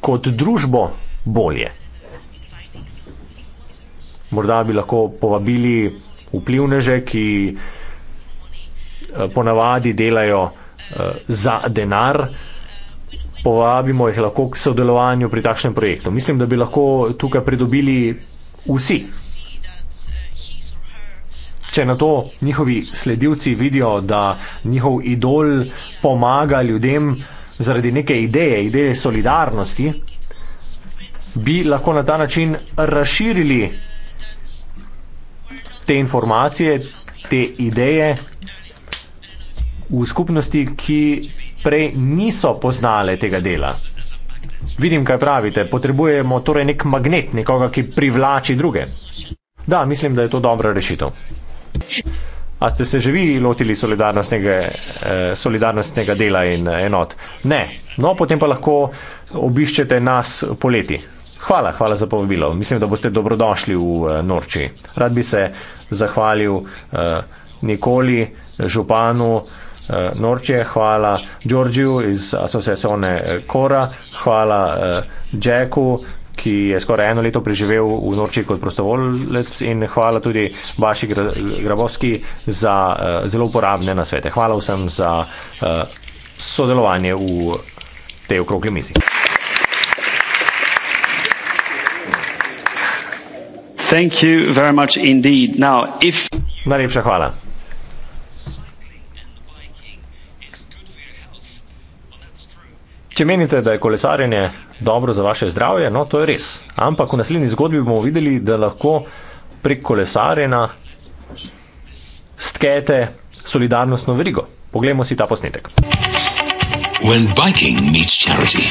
kot družbo bolje. Morda bi lahko povabili vplivneže, ki eh, ponavadi delajo eh, za denar, povabimo jih lahko k sodelovanju pri takšnem projektu. Mislim, da bi lahko tukaj pridobili vsi. Če na to njihovi sledilci vidijo, da njihov idol pomaga ljudem zaradi neke ideje, ideje solidarnosti, bi lahko na ta način razširili te informacije, te ideje v skupnosti, ki prej niso poznale tega dela. Vidim, kaj pravite, potrebujemo torej nek magnet, nekoga, ki privlači druge. Da, mislim, da je to dobra rešitev. A ste se že vi lotili solidarnostnega, eh, solidarnostnega dela in eh, enot? Ne, no potem pa lahko obiščete nas poleti. Hvala, hvala za povabilo. Mislim, da boste dobrodošli v eh, Norči. Rad bi se zahvalil eh, Nikoli, županu uh, eh, Norče, hvala Đorđiju iz asociacione eh, Kora, hvala uh, Jacku, ki je skoraj eno leto preživel v Norči kot prostovoljec in hvala tudi vaši gra Grabovski za uh, zelo uporabne nasvete. Hvala vsem za uh, sodelovanje v tej okrogli mizi. Thank you very much indeed. Now, if... Najlepša hvala. Če menite, da je kolesarjenje dobro za vaše zdravje, no to je res. Ampak v naslednji zgodbi bomo videli, da lahko prek kolesarjenja stkete solidarnostno verigo. Poglejmo si ta posnetek. When biking meets charity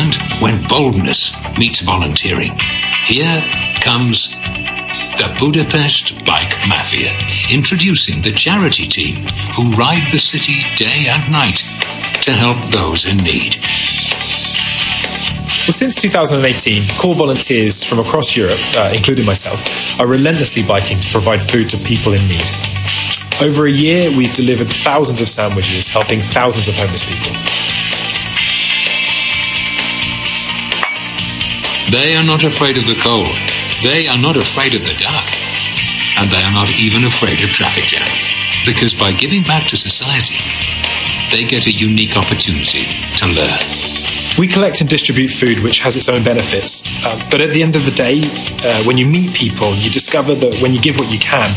and when boldness meets volunteering, here comes the Budapest Bike Mafia, introducing the charity team who ride the city day and night to help those in need. Well, since 2018, core volunteers from across Europe, uh, including myself, are relentlessly biking to provide food to people in need. Over a year, we've delivered thousands of sandwiches, helping thousands of homeless people. They are not afraid of the cold. They are not afraid of the dark. And they are not even afraid of traffic jam. Because by giving back to society, they get a unique opportunity to learn. We collect and distribute food, which has its own benefits. Uh, but at the end of the day, uh, when you meet people, you discover that when you give what you can,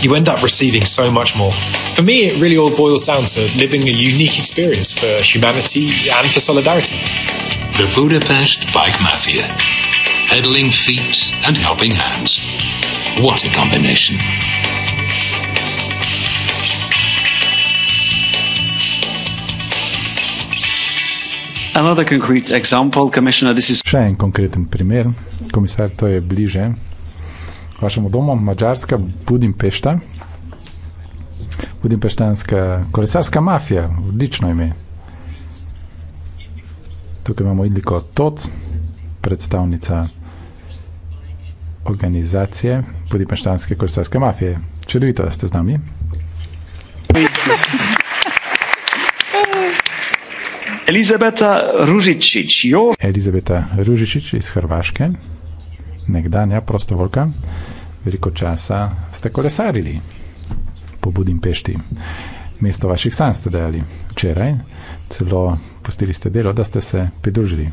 you end up receiving so much more. For me, it really all boils down to living a unique experience for humanity and for solidarity. The Budapest Bike Mafia. Pedaling feet and helping hands. What a combination. Še en konkreten primer, komisar, to je bliže vašemu domu, Mačarska, Budimpešta. Budimpeštanska kolesarska mafija, odlično ime. Tukaj imamo Idliko Tot, predstavnica organizacije Budimpeštanske kolesarske mafije. Čudovito, da ste z nami. Thank you. Elizabeta Ružičič, jo. Elizabeta Ružičič iz Hrvaške, nekdanja prostovoljka, veliko časa ste kolesarili po Budimpešti. Mesto vaših sanj ste dejali včeraj, celo postili ste delo, da ste se pridružili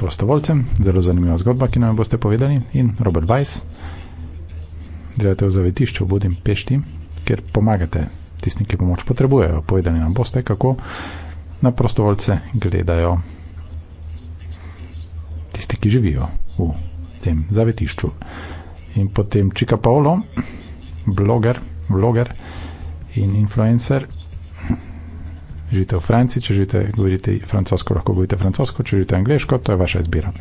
prostovoljcem. Zelo zanimiva zgodba, ki nam jo boste povedali. In Robert Weiss, delate v zavetišču v Budimpešti, kjer pomagate tistim, ki pomoč potrebujejo. Povedali nam boste, kako na prostovoljce gledajo tisti, ki živijo v tem zavetišču. In potem Čika Paolo, bloger, vloger in influencer. Živite v Franciji, če želite govoriti francosko, lahko govorite francosko, če želite angliško, to je vaša izbira.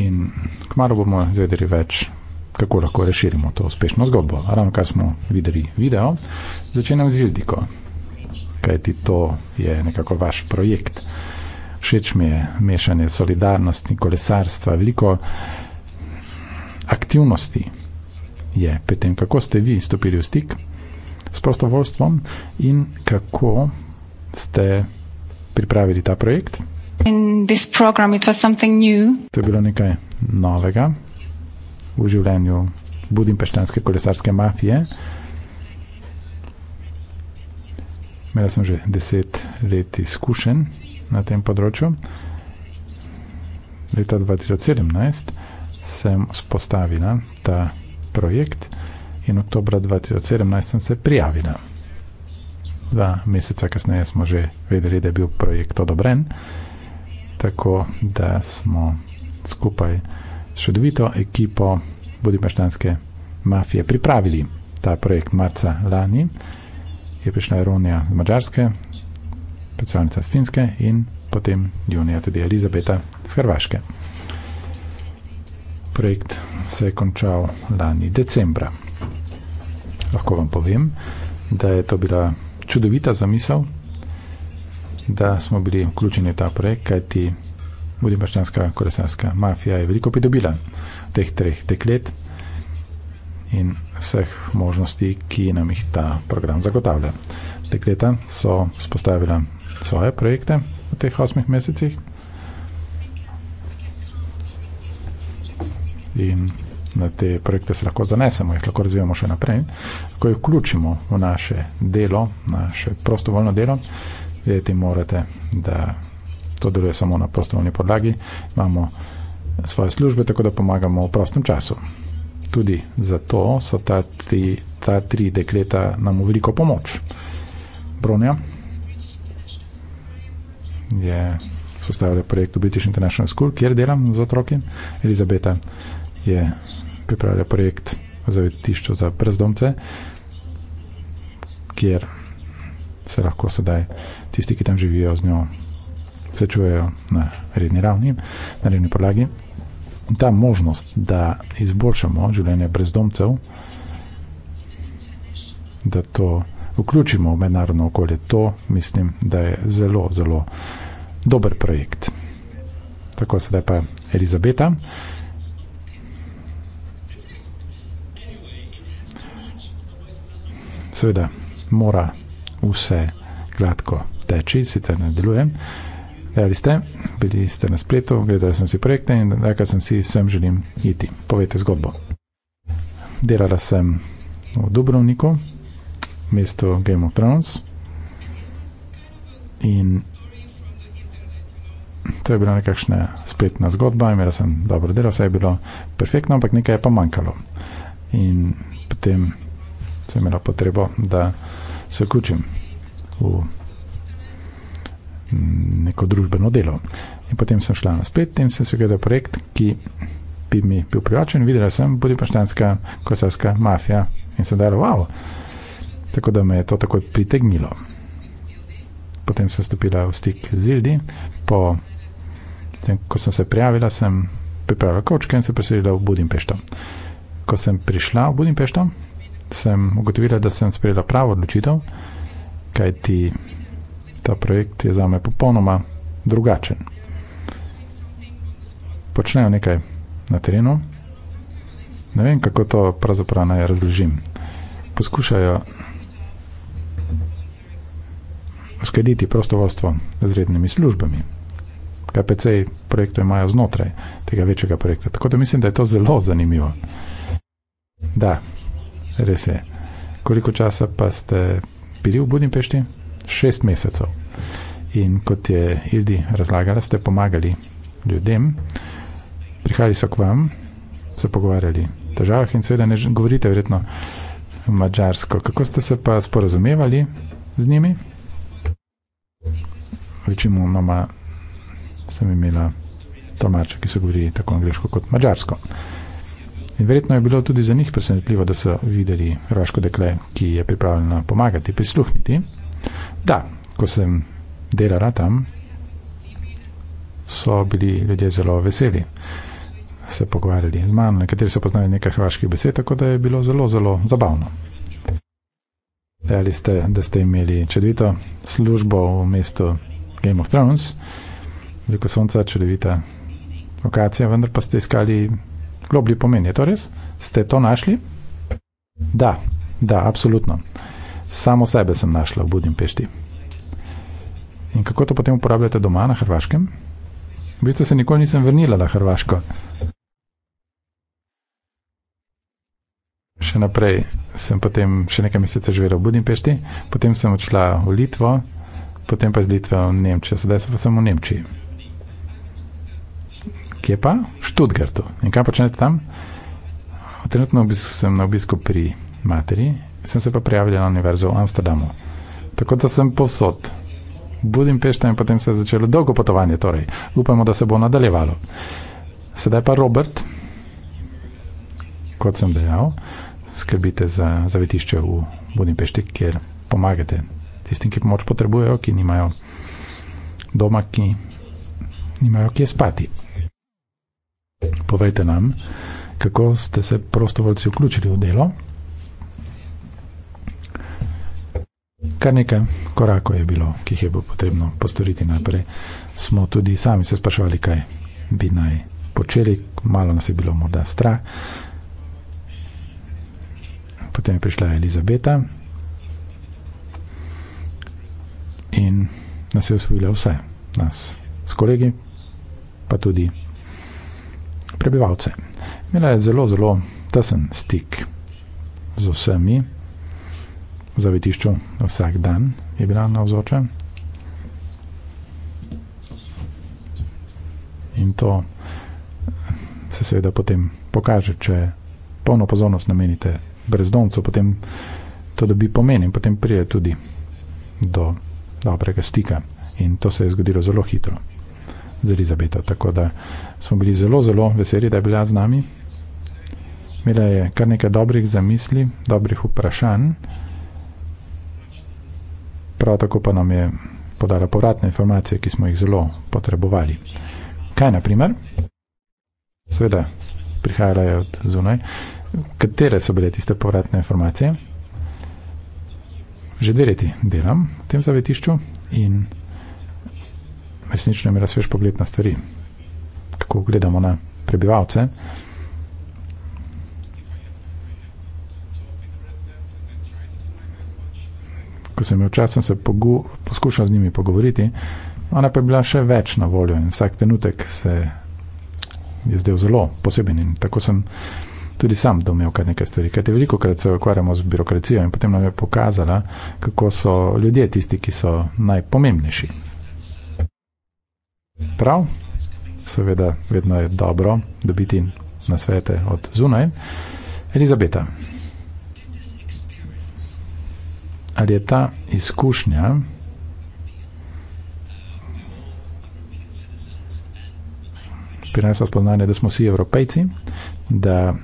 In kmalo bomo izvedeli več kako lahko razširimo to uspešno zgodbo. Ravno kar smo videli video, začenjam z Ildiko, kajti to je nekako vaš projekt. Všeč mi je mešanje solidarnosti, kolesarstva, veliko aktivnosti je pri tem, kako ste vi stopili v stik s prostovoljstvom in kako ste pripravili ta projekt. To je bilo nekaj novega v življenju budimpeštanske kolesarske mafije. Imela sem že deset let izkušen na tem področju. Leta 2017 sem spostavila ta projekt in oktobra 2017 sem se prijavila. Dva meseca kasneje smo že vedeli, da je bil projekt odobren, tako da smo skupaj čudovito ekipo budimaštanske mafije pripravili ta projekt marca lani. Je prišla Ronja z Mačarske, predstavnica z Finske in potem junija tudi Elizabeta z Hrvaške. Projekt se je končal lani decembra. Lahko vam povem, da je to bila čudovita zamisel, da smo bili vključeni v ta projekt, kajti budimbaščanska kolesarska mafija je veliko pridobila teh treh deklet in vseh možnosti, ki nam jih ta program zagotavlja. Dekleta so spostavila svoje projekte v teh osmih mesecih in na te projekte se lahko zanesemo, jih lahko razvijamo še naprej. Ko jih vključimo v naše delo, naše prostovoljno delo, vedeti morate, da to deluje samo na prostovoljni podlagi, imamo svoje službe, tako da pomagamo v prostem času. Tudi zato so ta tri, ta tri dekleta nam v veliko pomoč. Bronja je sestavila projekt v British International School, kjer delam z otroki. Elizabeta je pripravila projekt za vetišče za brezdomce, kjer se lahko sedaj tisti, ki tam živijo, z njo se čujejo na redni ravni, na redni podlagi. In ta možnost, da izboljšamo življenje brezdomcev, da to vključimo v mednarodno okolje, to mislim, da je zelo, zelo dober projekt. Tako sedaj pa Elizabeta. Seveda mora vse gladko teči, sicer ne delujem. Delali ste, bili ste na spletu, gledali sem si projekte in rekel sem si, sem želim iti. Povejte zgodbo. Delala sem v Dubrovniku, mesto Game of Thrones. In to je bila nekakšna spletna zgodba, imela sem dobro delo, vse je bilo perfektno, ampak nekaj je pa manjkalo. In potem sem imela potrebo, da se vključim v neko družbeno delo. In potem sem šla na splet in sem se gledal projekt, ki bi mi bil privlačen, videla sem budipaštanska kosarska mafija in sem dala wow. Tako da me je to takoj pritegnilo. Potem sem stopila v stik z Zildi, po tem, ko sem se prijavila, sem pripravila kočke in se preselila v Budimpešto. Ko sem prišla v Budimpešto, sem ugotovila, da sem sprejela pravo odločitev, kajti ta projekt je za me popolnoma drugačen. Počnejo nekaj na terenu, ne vem, kako to pravzaprav naj razložim. Poskušajo uskladiti prostovoljstvo z rednimi službami. KPC projektov imajo znotraj tega večjega projekta, tako da mislim, da je to zelo zanimivo. Da, res je. Koliko časa pa ste bili v Budimpešti? šest mesecev. In kot je Ildi razlagala, ste pomagali ljudem, prihajali so k vam, se pogovarjali o težavah in seveda ne govorite, verjetno, mačarsko. Kako ste se pa sporozumevali z njimi? Večino noma sem imela tolmače, ki so govorili tako angliško kot mačarsko. In verjetno je bilo tudi za njih presenetljivo, da so videli hrvaško dekle, ki je pripravljeno pomagati, prisluhniti. Da, ko sem delala tam, so bili ljudje zelo veseli, se pogovarjali z mano, nekateri so poznali nekaj hrvaških besed, tako da je bilo zelo, zelo zabavno. Dejali ste, da ste imeli čudovito službo v mestu Game of Thrones, veliko sonca, čudovita lokacija, vendar pa ste iskali globlji pomen. Je to res? Ste to našli? Da, da, absolutno. Samo sebe sem našla v Budimpešti. In kako to potem uporabljate doma na Hrvaškem? V bistvu se nikoli nisem vrnila na Hrvaško. Še naprej sem potem še nekaj mesecev živela v Budimpešti, potem sem odšla v Litvo, potem pa iz Litve v Nemčijo, sedaj pa sem v Nemčiji. Kje pa? V Študgartu. In kaj počnete tam? Trenutno sem na obisku pri materi sem se pa prijavljal na univerzo v Amsterdamu. Tako da sem posod. Budim pešta in potem se je začelo dolgo potovanje, torej upamo, da se bo nadaljevalo. Sedaj pa Robert, kot sem dejal, skrbite za zavetišče v Budimpešti, kjer pomagate tistim, ki pomoč potrebujejo, ki nimajo doma, ki nimajo kje spati. Povejte nam, kako ste se prostovoljci vključili v delo, Kar nekaj korakov je bilo, ki jih je bilo potrebno postoriti naprej. Smo tudi sami se sprašvali, kaj bi naj počeli, malo nas je bilo morda strah. Potem je prišla Elizabeta in nas je osvojila vse, nas s kolegi, pa tudi prebivalce. Imela je zelo, zelo tesen stik z vsemi v zavetišču vsak dan je bila na vzoče. In to se seveda potem pokaže, če polno pozornost namenite brezdomcu, potem to dobi pomen in potem prije tudi do dobrega stika. In to se je zgodilo zelo hitro z Elizabeto, tako da smo bili zelo, zelo veseli, da je bila z nami. Imela je kar nekaj dobrih zamisli, dobrih vprašanj prav tako pa nam je podala povratne informacije, ki smo jih zelo potrebovali. Kaj naprimer? Sveda, prihajala je od zunaj. Katere so bile tiste povratne informacije? Že dve leti delam v tem zavetišču in resnično je imela svež pogled na stvari, kako gledamo na prebivalce. ko sem imel čas, sem se pogu, poskušal z njimi pogovoriti. Ona pa je bila še več na voljo in vsak trenutek se je zdel zelo poseben. In tako sem tudi sam domel kar nekaj stvari. Kajte veliko krat se ukvarjamo z birokracijo in potem nam je pokazala, kako so ljudje tisti, ki so najpomembnejši. Prav, seveda vedno je dobro dobiti na svete od zunaj. Elizabeta ali je ta izkušnja prinesla spoznanje, da smo vsi evropejci, da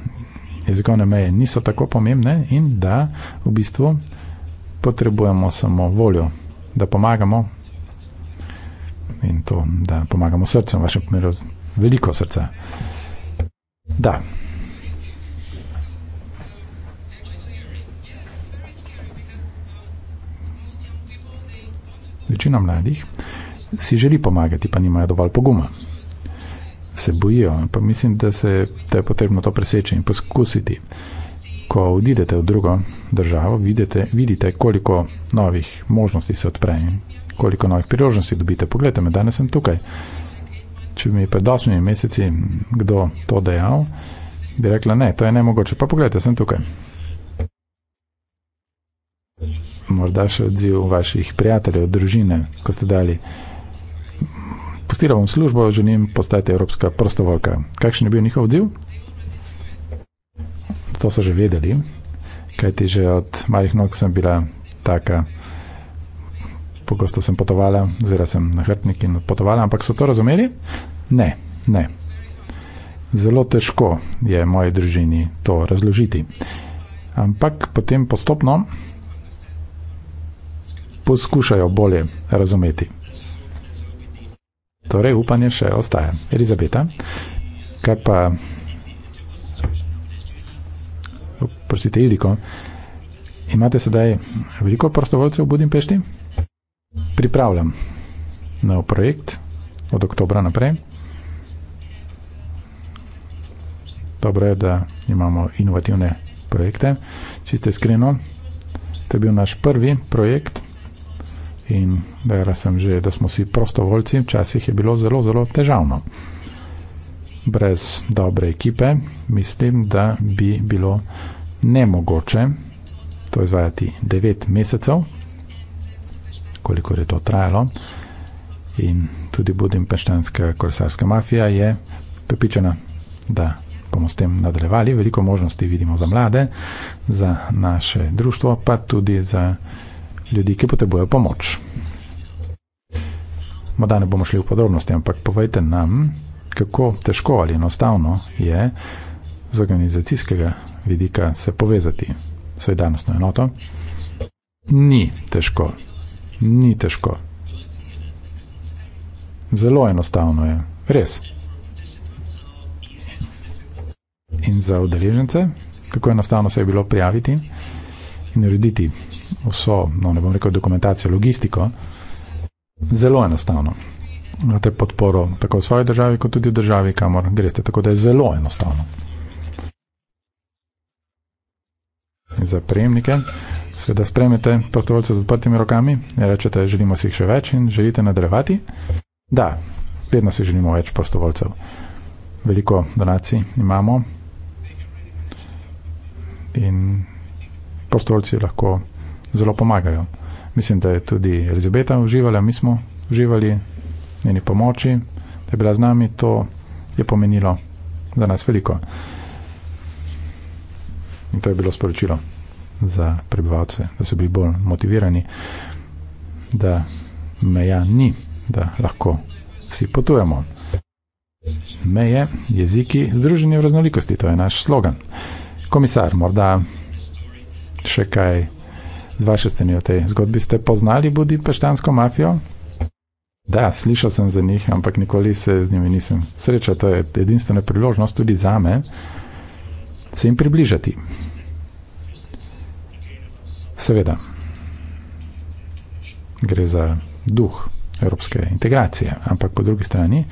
jezikovne meje niso tako pomembne in da v bistvu potrebujemo samo voljo, da pomagamo in to, da pomagamo srcem, v vašem primeru veliko srca. Da. Večina mladih si želi pomagati, pa nimajo dovolj poguma. Se bojijo, pa mislim, da, se, da je potrebno to preseči in poskusiti. Ko odidete v drugo državo, vidite, vidite koliko novih možnosti se odpre in koliko novih priložnosti dobite. Poglejte, me danes sem tukaj. Če bi mi pred osmimi meseci kdo to dejal, bi rekla: Ne, to je ne mogoče. Pa poglejte, sem tukaj morda še odziv vaših prijateljev, družine, ko ste dali. Pustila bom službo, želim postati evropska prostovoljka. Kakšen je bil njihov odziv? To so že vedeli, kajti že od malih nog sem bila taka. Pogosto sem potovala, oziroma sem na hrbtnik in potovala, ampak so to razumeli? Ne, ne. Zelo težko je moji družini to razložiti. Ampak potem postopno poskušajo bolje razumeti. Torej, upanje še ostaja. Elizabeta, kaj pa, prosite, Iliko, imate sedaj veliko prostovoljcev v Budimpešti? Pripravljam nov projekt od oktobra naprej. Dobro je, da imamo inovativne projekte. Čisto iskreno, to je bil naš prvi projekt, in dejala sem že, da smo vsi prostovoljci, včasih je bilo zelo, zelo težavno. Brez dobre ekipe mislim, da bi bilo nemogoče to izvajati 9 mesecev, koliko je to trajalo. In tudi Budimpeštanska kolesarska mafija je prepričana, da bomo s tem nadaljevali. Veliko možnosti vidimo za mlade, za naše društvo, pa tudi za ljudi, ki potrebujejo pomoč. Morda ne bomo šli v podrobnosti, ampak povejte nam, kako težko ali enostavno je z organizacijskega vidika se povezati s svojo danostno enoto. Ni težko, ni težko. Zelo enostavno je, res. In za udeležence, kako enostavno se je bilo prijaviti narediti vso, no, ne bom rekel, dokumentacijo, logistiko, zelo enostavno. Imate podporo tako v svoji državi, kot tudi v državi, kamor greste. Tako da je zelo enostavno. In za prejemnike, seveda, spremete prostovoljce z odprtimi rokami, rečete, želimo si jih še več in želite nadaljevati. Da, vedno si želimo več prostovoljcev. Veliko donacij imamo. In prostovoljci lahko zelo pomagajo. Mislim, da je tudi Elizabeta uživala, mi smo uživali njeni pomoči, da je bila z nami, to je pomenilo za nas veliko. In to je bilo sporočilo za prebivalce, da so bili bolj motivirani, da meja ni, da lahko vsi potujemo. Meje, jeziki, združenje v raznolikosti, to je naš slogan. Komisar, morda še kaj z vaše strani o tej zgodbi. Ste poznali budipeštansko mafijo? Da, slišal sem za njih, ampak nikoli se z njimi nisem. Sreča, to je edinstvena priložnost tudi za me, se jim približati. Seveda, gre za duh evropske integracije, ampak po drugi strani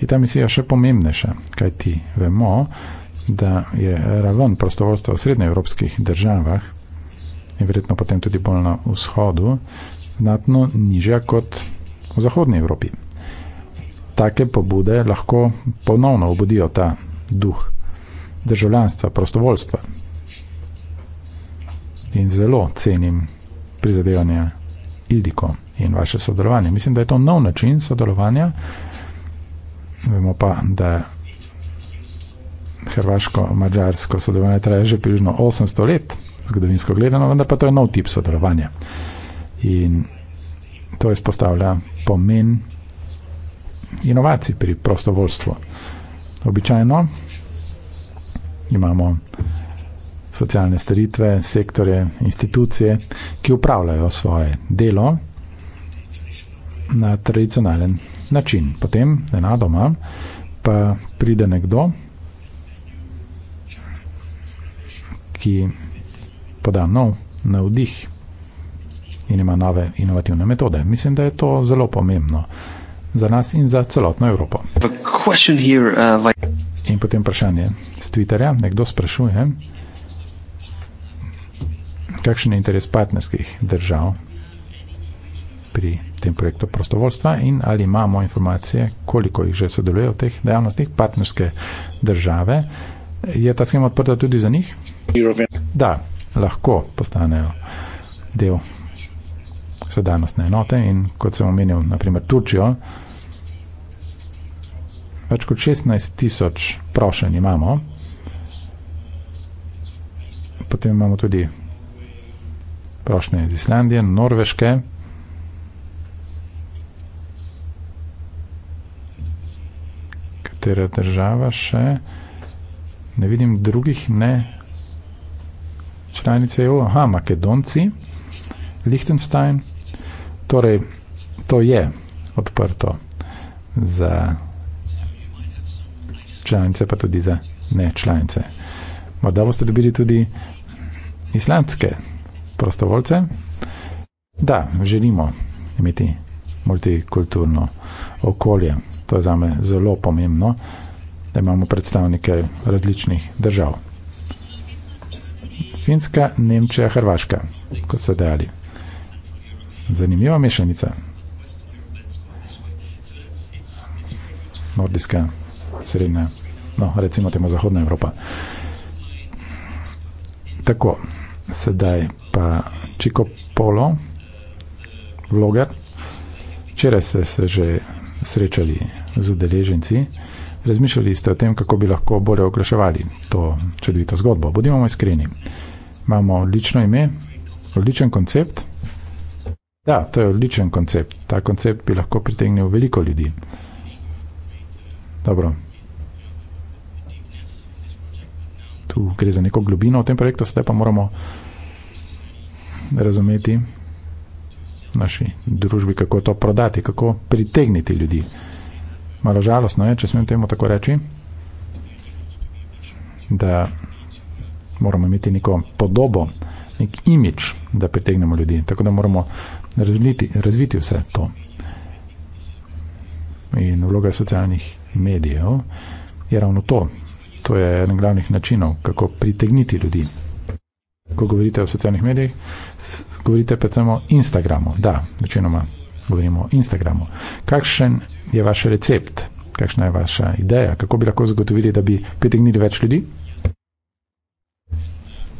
je ta misija še pomembnejša, kaj ti vemo, da je raven prostovoljstva v srednjeevropskih državah je verjetno potem tudi bolj na vzhodu, znatno nižja kot v Zahodni Evropi. Take pobude lahko ponovno obudijo ta duh državljanstva, prostovoljstva. In zelo cenim prizadevanja Ildiko in vaše sodelovanje. Mislim, da je to nov način sodelovanja. Vemo pa, da hrvaško-mađarsko sodelovanje traja že približno 800 let zgodovinsko gledano, vendar pa to je nov tip sodelovanja. In to izpostavlja pomen inovacij pri prostovoljstvu. Običajno imamo socialne storitve, sektorje, institucije, ki upravljajo svoje delo na tradicionalen način. Potem, enadoma, pa pride nekdo, ki poda nov navdih in ima nove inovativne metode. Mislim, da je to zelo pomembno za nas in za celotno Evropo. Uh, in potem vprašanje z Twitterja. Nekdo sprašuje, kakšen je interes partnerskih držav pri tem projektu prostovoljstva in ali imamo informacije, koliko jih že sodeluje v teh dejavnostih, partnerske države. Je ta schema odprta tudi za njih? Da, lahko postanejo del sedanostne enote in kot sem omenil, naprimer Turčijo, več kot 16 tisoč prošenj imamo, potem imamo tudi prošnje iz Islandije, Norveške, katera država še, ne vidim drugih, ne, članice EU, aha, Makedonci, Liechtenstein. Torej, to je odprto za članice, pa tudi za ne članice. Morda boste dobili tudi islandske prostovoljce. Da, želimo imeti multikulturno okolje. To je za me zelo pomembno, da imamo predstavnike različnih držav. Finska, Nemčija, Hrvaška, kot so dejali. Zanimiva mešanica. Nordijska, srednja, no, recimo temu Zahodna Evropa. Tako, sedaj pa Čiko Polo, vloger. Včeraj ste se že srečali z udeleženci, razmišljali ste o tem, kako bi lahko bolje oglaševali to čudovito zgodbo. Bodimo iskreni imamo odlično ime, odličen koncept. Ja, to je odličen koncept. Ta koncept bi lahko pritegnil veliko ljudi. Dobro. Tu gre za neko globino v tem projektu, sedaj pa moramo razumeti naši družbi, kako to prodati, kako pritegniti ljudi. Malo žalostno je, če smem temu tako reči, da moramo imeti neko podobo, nek imič, da pritegnemo ljudi. Tako da moramo razliti, razviti vse to. In vloga socialnih medijev je ravno to. To je eden glavnih načinov, kako pritegniti ljudi. Ko govorite o socialnih medijih, govorite predvsem o Instagramu. Da, večinoma govorimo o Instagramu. Kakšen je vaš recept, kakšna je vaša ideja, kako bi lahko zagotovili, da bi pritegnili več ljudi?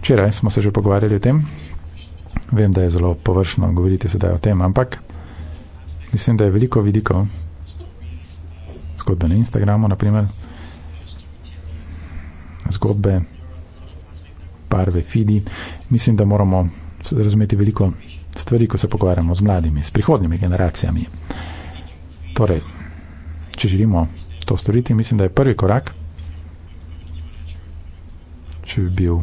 Včeraj smo se že pogovarjali o tem. Vem, da je zelo površno govoriti sedaj o tem, ampak mislim, da je veliko vidikov, zgodbe na Instagramu, naprimer, zgodbe, barve, fidi. Mislim, da moramo razumeti veliko stvari, ko se pogovarjamo z mladimi, s prihodnjimi generacijami. Torej, če želimo to storiti, mislim, da je prvi korak, če bi bil.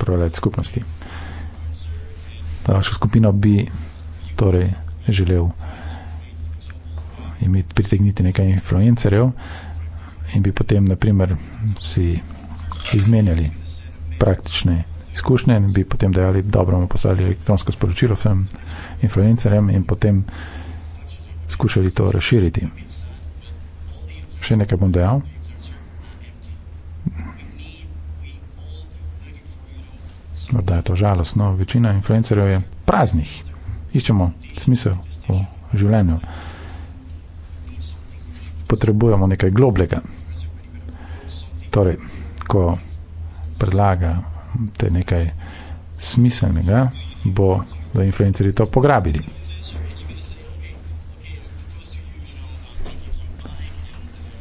prevelik skupnosti. Našo skupino bi torej želel imeti, pritegniti nekaj influencerjev in bi potem, naprimer, si izmenjali praktične izkušnje in bi potem dejali, dobro, bomo poslali elektronsko sporočilo vsem influencerjem in potem skušali to razširiti. Še nekaj bom dejal. morda je to žalostno, večina influencerjev je praznih, iščemo smisel v življenju. Potrebujemo nekaj globljega. Torej, ko predlaga te nekaj smiselnega, bo da influenceri to pograbili.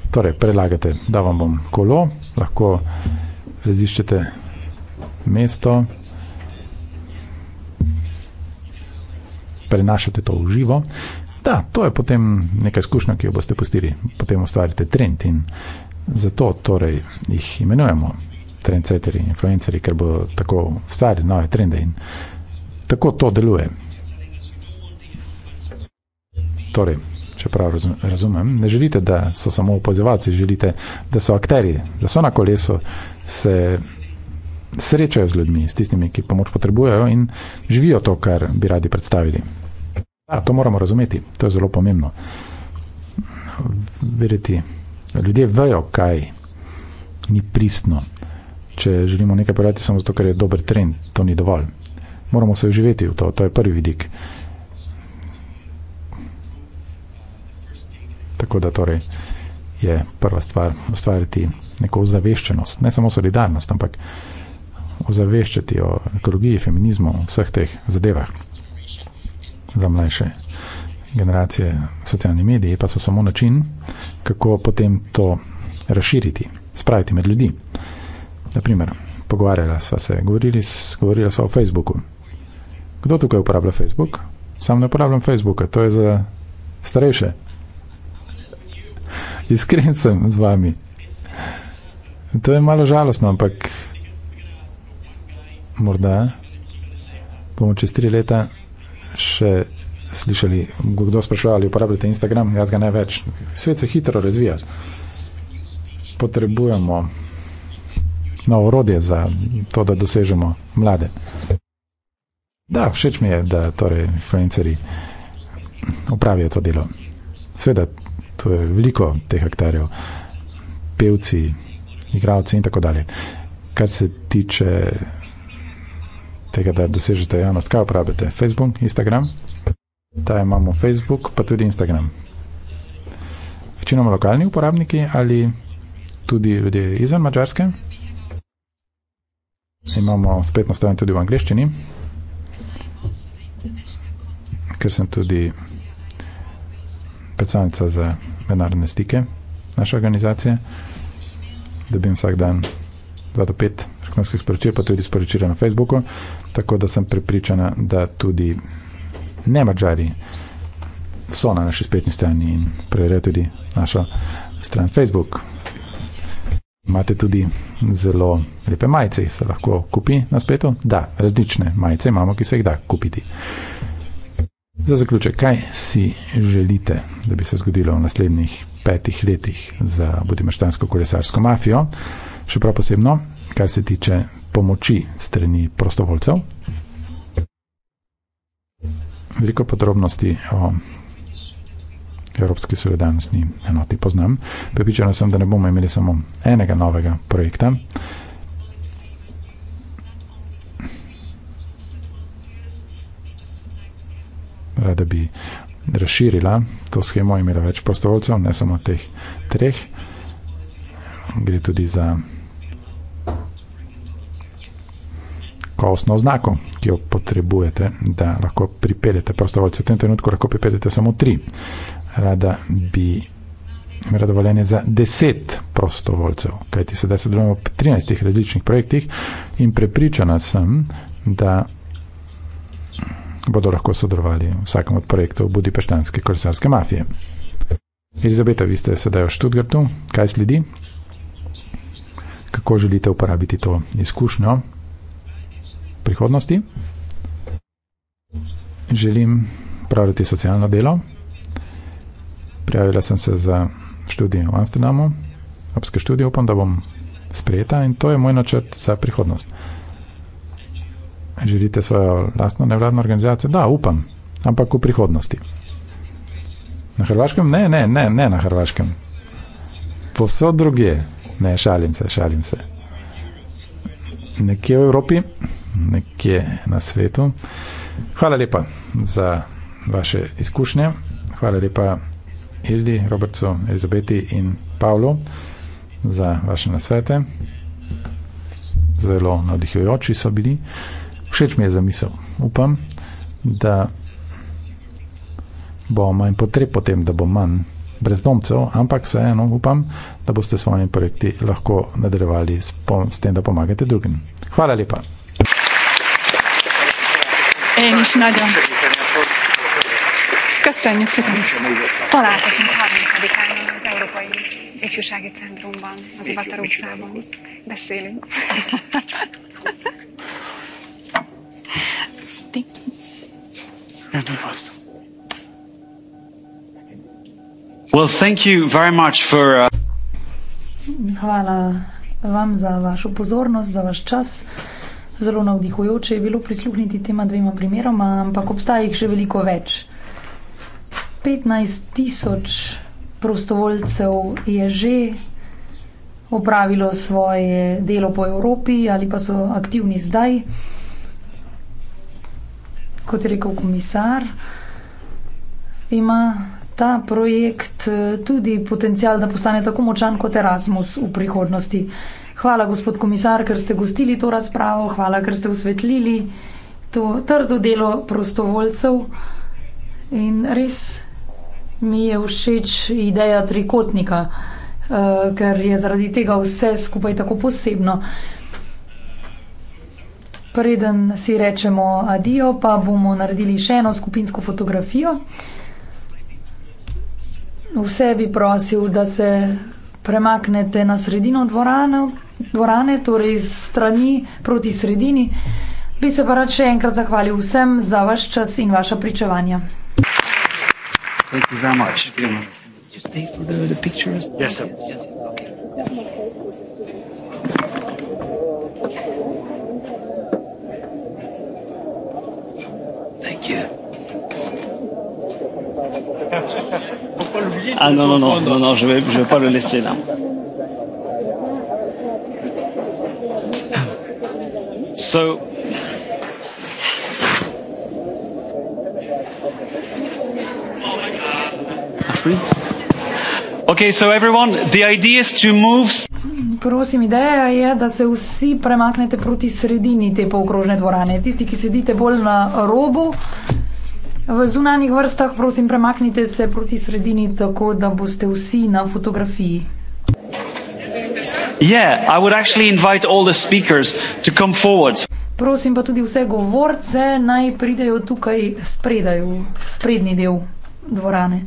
Torej, predlagate, da vam bom kolo, lahko raziščete mesto, prenašate to v živo. Da, to je potem neka izkušnja, ki jo boste postili, potem ustvarite trend in zato torej jih imenujemo trendsetteri, influenceri, ker bodo tako stvari, nove trende in tako to deluje. Torej, čeprav razumem, ne želite, da so samo opozivalci, želite, da so akteri, da so na kolesu, se srečajo z ljudmi, s tistimi, ki pomoč potrebujejo in živijo to, kar bi radi predstavili. Ja, to moramo razumeti, to je zelo pomembno. Videti, ljudje vejo, kaj ni pristno. Če želimo nekaj prodati samo zato, ker je dober trend, to ni dovolj. Moramo se uživeti v to, to je prvi vidik. Tako da torej je prva stvar ustvariti neko ozaveščenost, ne samo solidarnost, ampak ozaveščati o ekologiji, feminizmu, vseh teh zadevah za mlajše generacije socialni mediji, pa so samo način, kako potem to razširiti, spraviti med ljudi. Naprimer, pogovarjala sva se, govorili, govorila sva o Facebooku. Kdo tukaj uporablja Facebook? Sam ne uporabljam Facebooka, to je za starejše. Iskren sem z vami. To je malo žalostno, ampak morda bomo čez tri leta še slišali, kdo sprašuje, ali uporabljate Instagram, jaz ga ne več. Svet se hitro razvija. Potrebujemo novo orodje za to, da dosežemo mlade. Da, všeč mi je, da torej influenceri upravijo to delo. Sveda, to je veliko teh akterjev, pevci, igravci in tako dalje. Kar se tiče tega, da dosežete javnost. Kaj uporabljate? Facebook, Instagram? Ta imamo Facebook, pa tudi Instagram. Večinoma lokalni uporabniki ali tudi ljudje izven Mačarske. Imamo spletno stran tudi v angleščini, ker sem tudi predstavnica za mednarodne stike naše organizacije, da bi vsak dan 2 do 5 telefonskih sporočil, pa tudi sporočila na Facebooku. Tako da sem prepričana, da tudi ne mačari so na naši spletni strani in preverjajo tudi našo stran Facebook. Imate tudi zelo lepe majice, ki se lahko kupi na spletu. Da, različne majice imamo, ki se jih da kupiti. Za zaključek, kaj si želite, da bi se zgodilo v naslednjih petih letih za Budimaštansko kolesarsko mafijo, še prav posebno kar se tiče pomoči strani prostovoljcev. Veliko podrobnosti o Evropski solidarnostni enoti poznam. Pripričana sem, da ne bomo imeli samo enega novega projekta. Rada bi razširila to schemo, imela več prostovoljcev, ne samo teh treh. Gre tudi za kaosno oznako, ki jo potrebujete, da lahko pripeljete prostovoljce. V tem trenutku lahko pripeljete samo tri. Rada bi imela dovoljenje za deset prostovoljcev, kajti sedaj sodelujemo pri 13 različnih projektih in prepričana sem, da bodo lahko sodelovali v vsakem od projektov Budipeštanske kolesarske mafije. Elizabeta, vi ste sedaj v Študgartu, kaj sledi? Kako želite uporabiti to izkušnjo? prihodnosti. Želim praviti socialno delo. Prijavila sem se za študij v Amsterdamu, obske študije, upam, da bom sprejeta in to je moj načrt za prihodnost. Želite svojo lastno nevladno organizacijo? Da, upam, ampak v prihodnosti. Na Hrvaškem? Ne, ne, ne, ne na Hrvaškem. Povsod drugje. Ne, šalim se, šalim se. Nekje v Evropi? nekje na svetu. Hvala lepa za vaše izkušnje. Hvala lepa Hildi, Robertu, Elizabeti in Pavlu za vaše nasvete. Zelo navdihujoči so bili. Všeč mi je za misel. Upam, da bo manj potreb potem, da bo manj brezdomcev, ampak vseeno upam, da boste s svojimi projekti lahko nadaljevali s, s tem, da pomagate drugim. Hvala lepa. Én is nagyon. Köszönjük szépen. Találkozunk 30-án az Európai Ifjúsági Centrumban, az Ivataró utcában. Beszélünk. Well, thank you very much for, uh... Hvala vam za vašo pozornost, za vaš čas. Zelo navdihujoče je bilo prisluhniti tema dvema primeroma, ampak obstaja jih še veliko več. 15 tisoč prostovoljcev je že opravilo svoje delo po Evropi ali pa so aktivni zdaj. Kot je rekel komisar, ima ta projekt eh, tudi potencial, da postane tako močan kot Erasmus v prihodnosti. Hvala, gospod komisar, ker ste gostili to razpravo, hvala, ker ste usvetlili to trdo delo prostovoljcev. In res mi je všeč ideja trikotnika, eh, ker je zaradi tega vse skupaj tako posebno. Preden si rečemo adijo, pa bomo naredili še eno skupinsko fotografijo. Vse bi prosil, da se premaknete na sredino dvorane, dvorane torej strani proti sredini. Bi se pa rad še enkrat zahvalil vsem za vaš čas in vaša pričevanja. Thank you very much. Thank you. Did you stay for the, the pictures? Yes, sir. Yes, yes. Ah non, non, non, non, non je ne vais, je vais pas le laisser là. So, Okay, so everyone, the idea is to move. Prosim, ideja je, da se vsi premaknete proti sredini te polkrožne dvorane. Tisti, ki sedite bolj na robu, V zunanjih vrstah, prosim, premaknite se proti sredini, tako da boste vsi na fotografiji. Yeah, prosim pa tudi vse govorce, naj pridejo tukaj spredaj, sprednji del dvorane.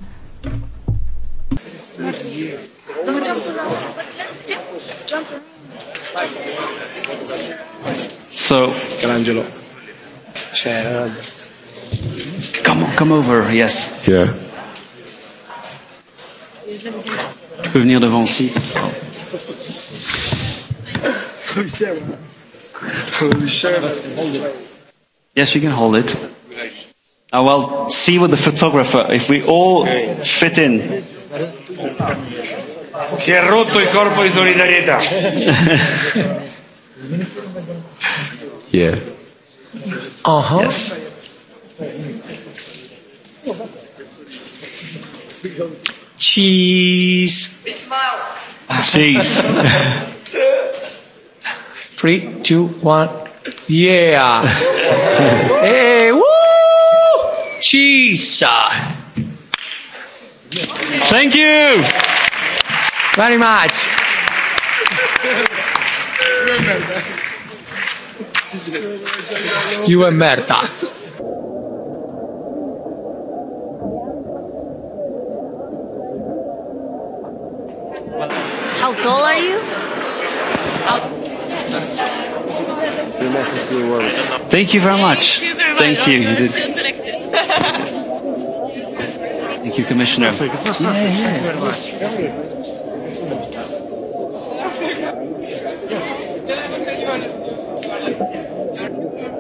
So, Michelangelo. Cioè, eh, come on, come over, yes. Yeah. Tu peux venir devant aussi. Yes, you can hold it. Uh, well, see with the photographer if we all fit in. Si è rotto il corpo di solidarietà. yeah. Uh-huh. Yes. Cheese. It's mild. Cheese. Three, two, one. Yeah. hey, woo! Cheese. Thank you. Very much. You are merda. You are merda. How tall are you? Thank you very much. Thank you. Thank you. you did. Thank you, Commissioner. Yeah, yeah.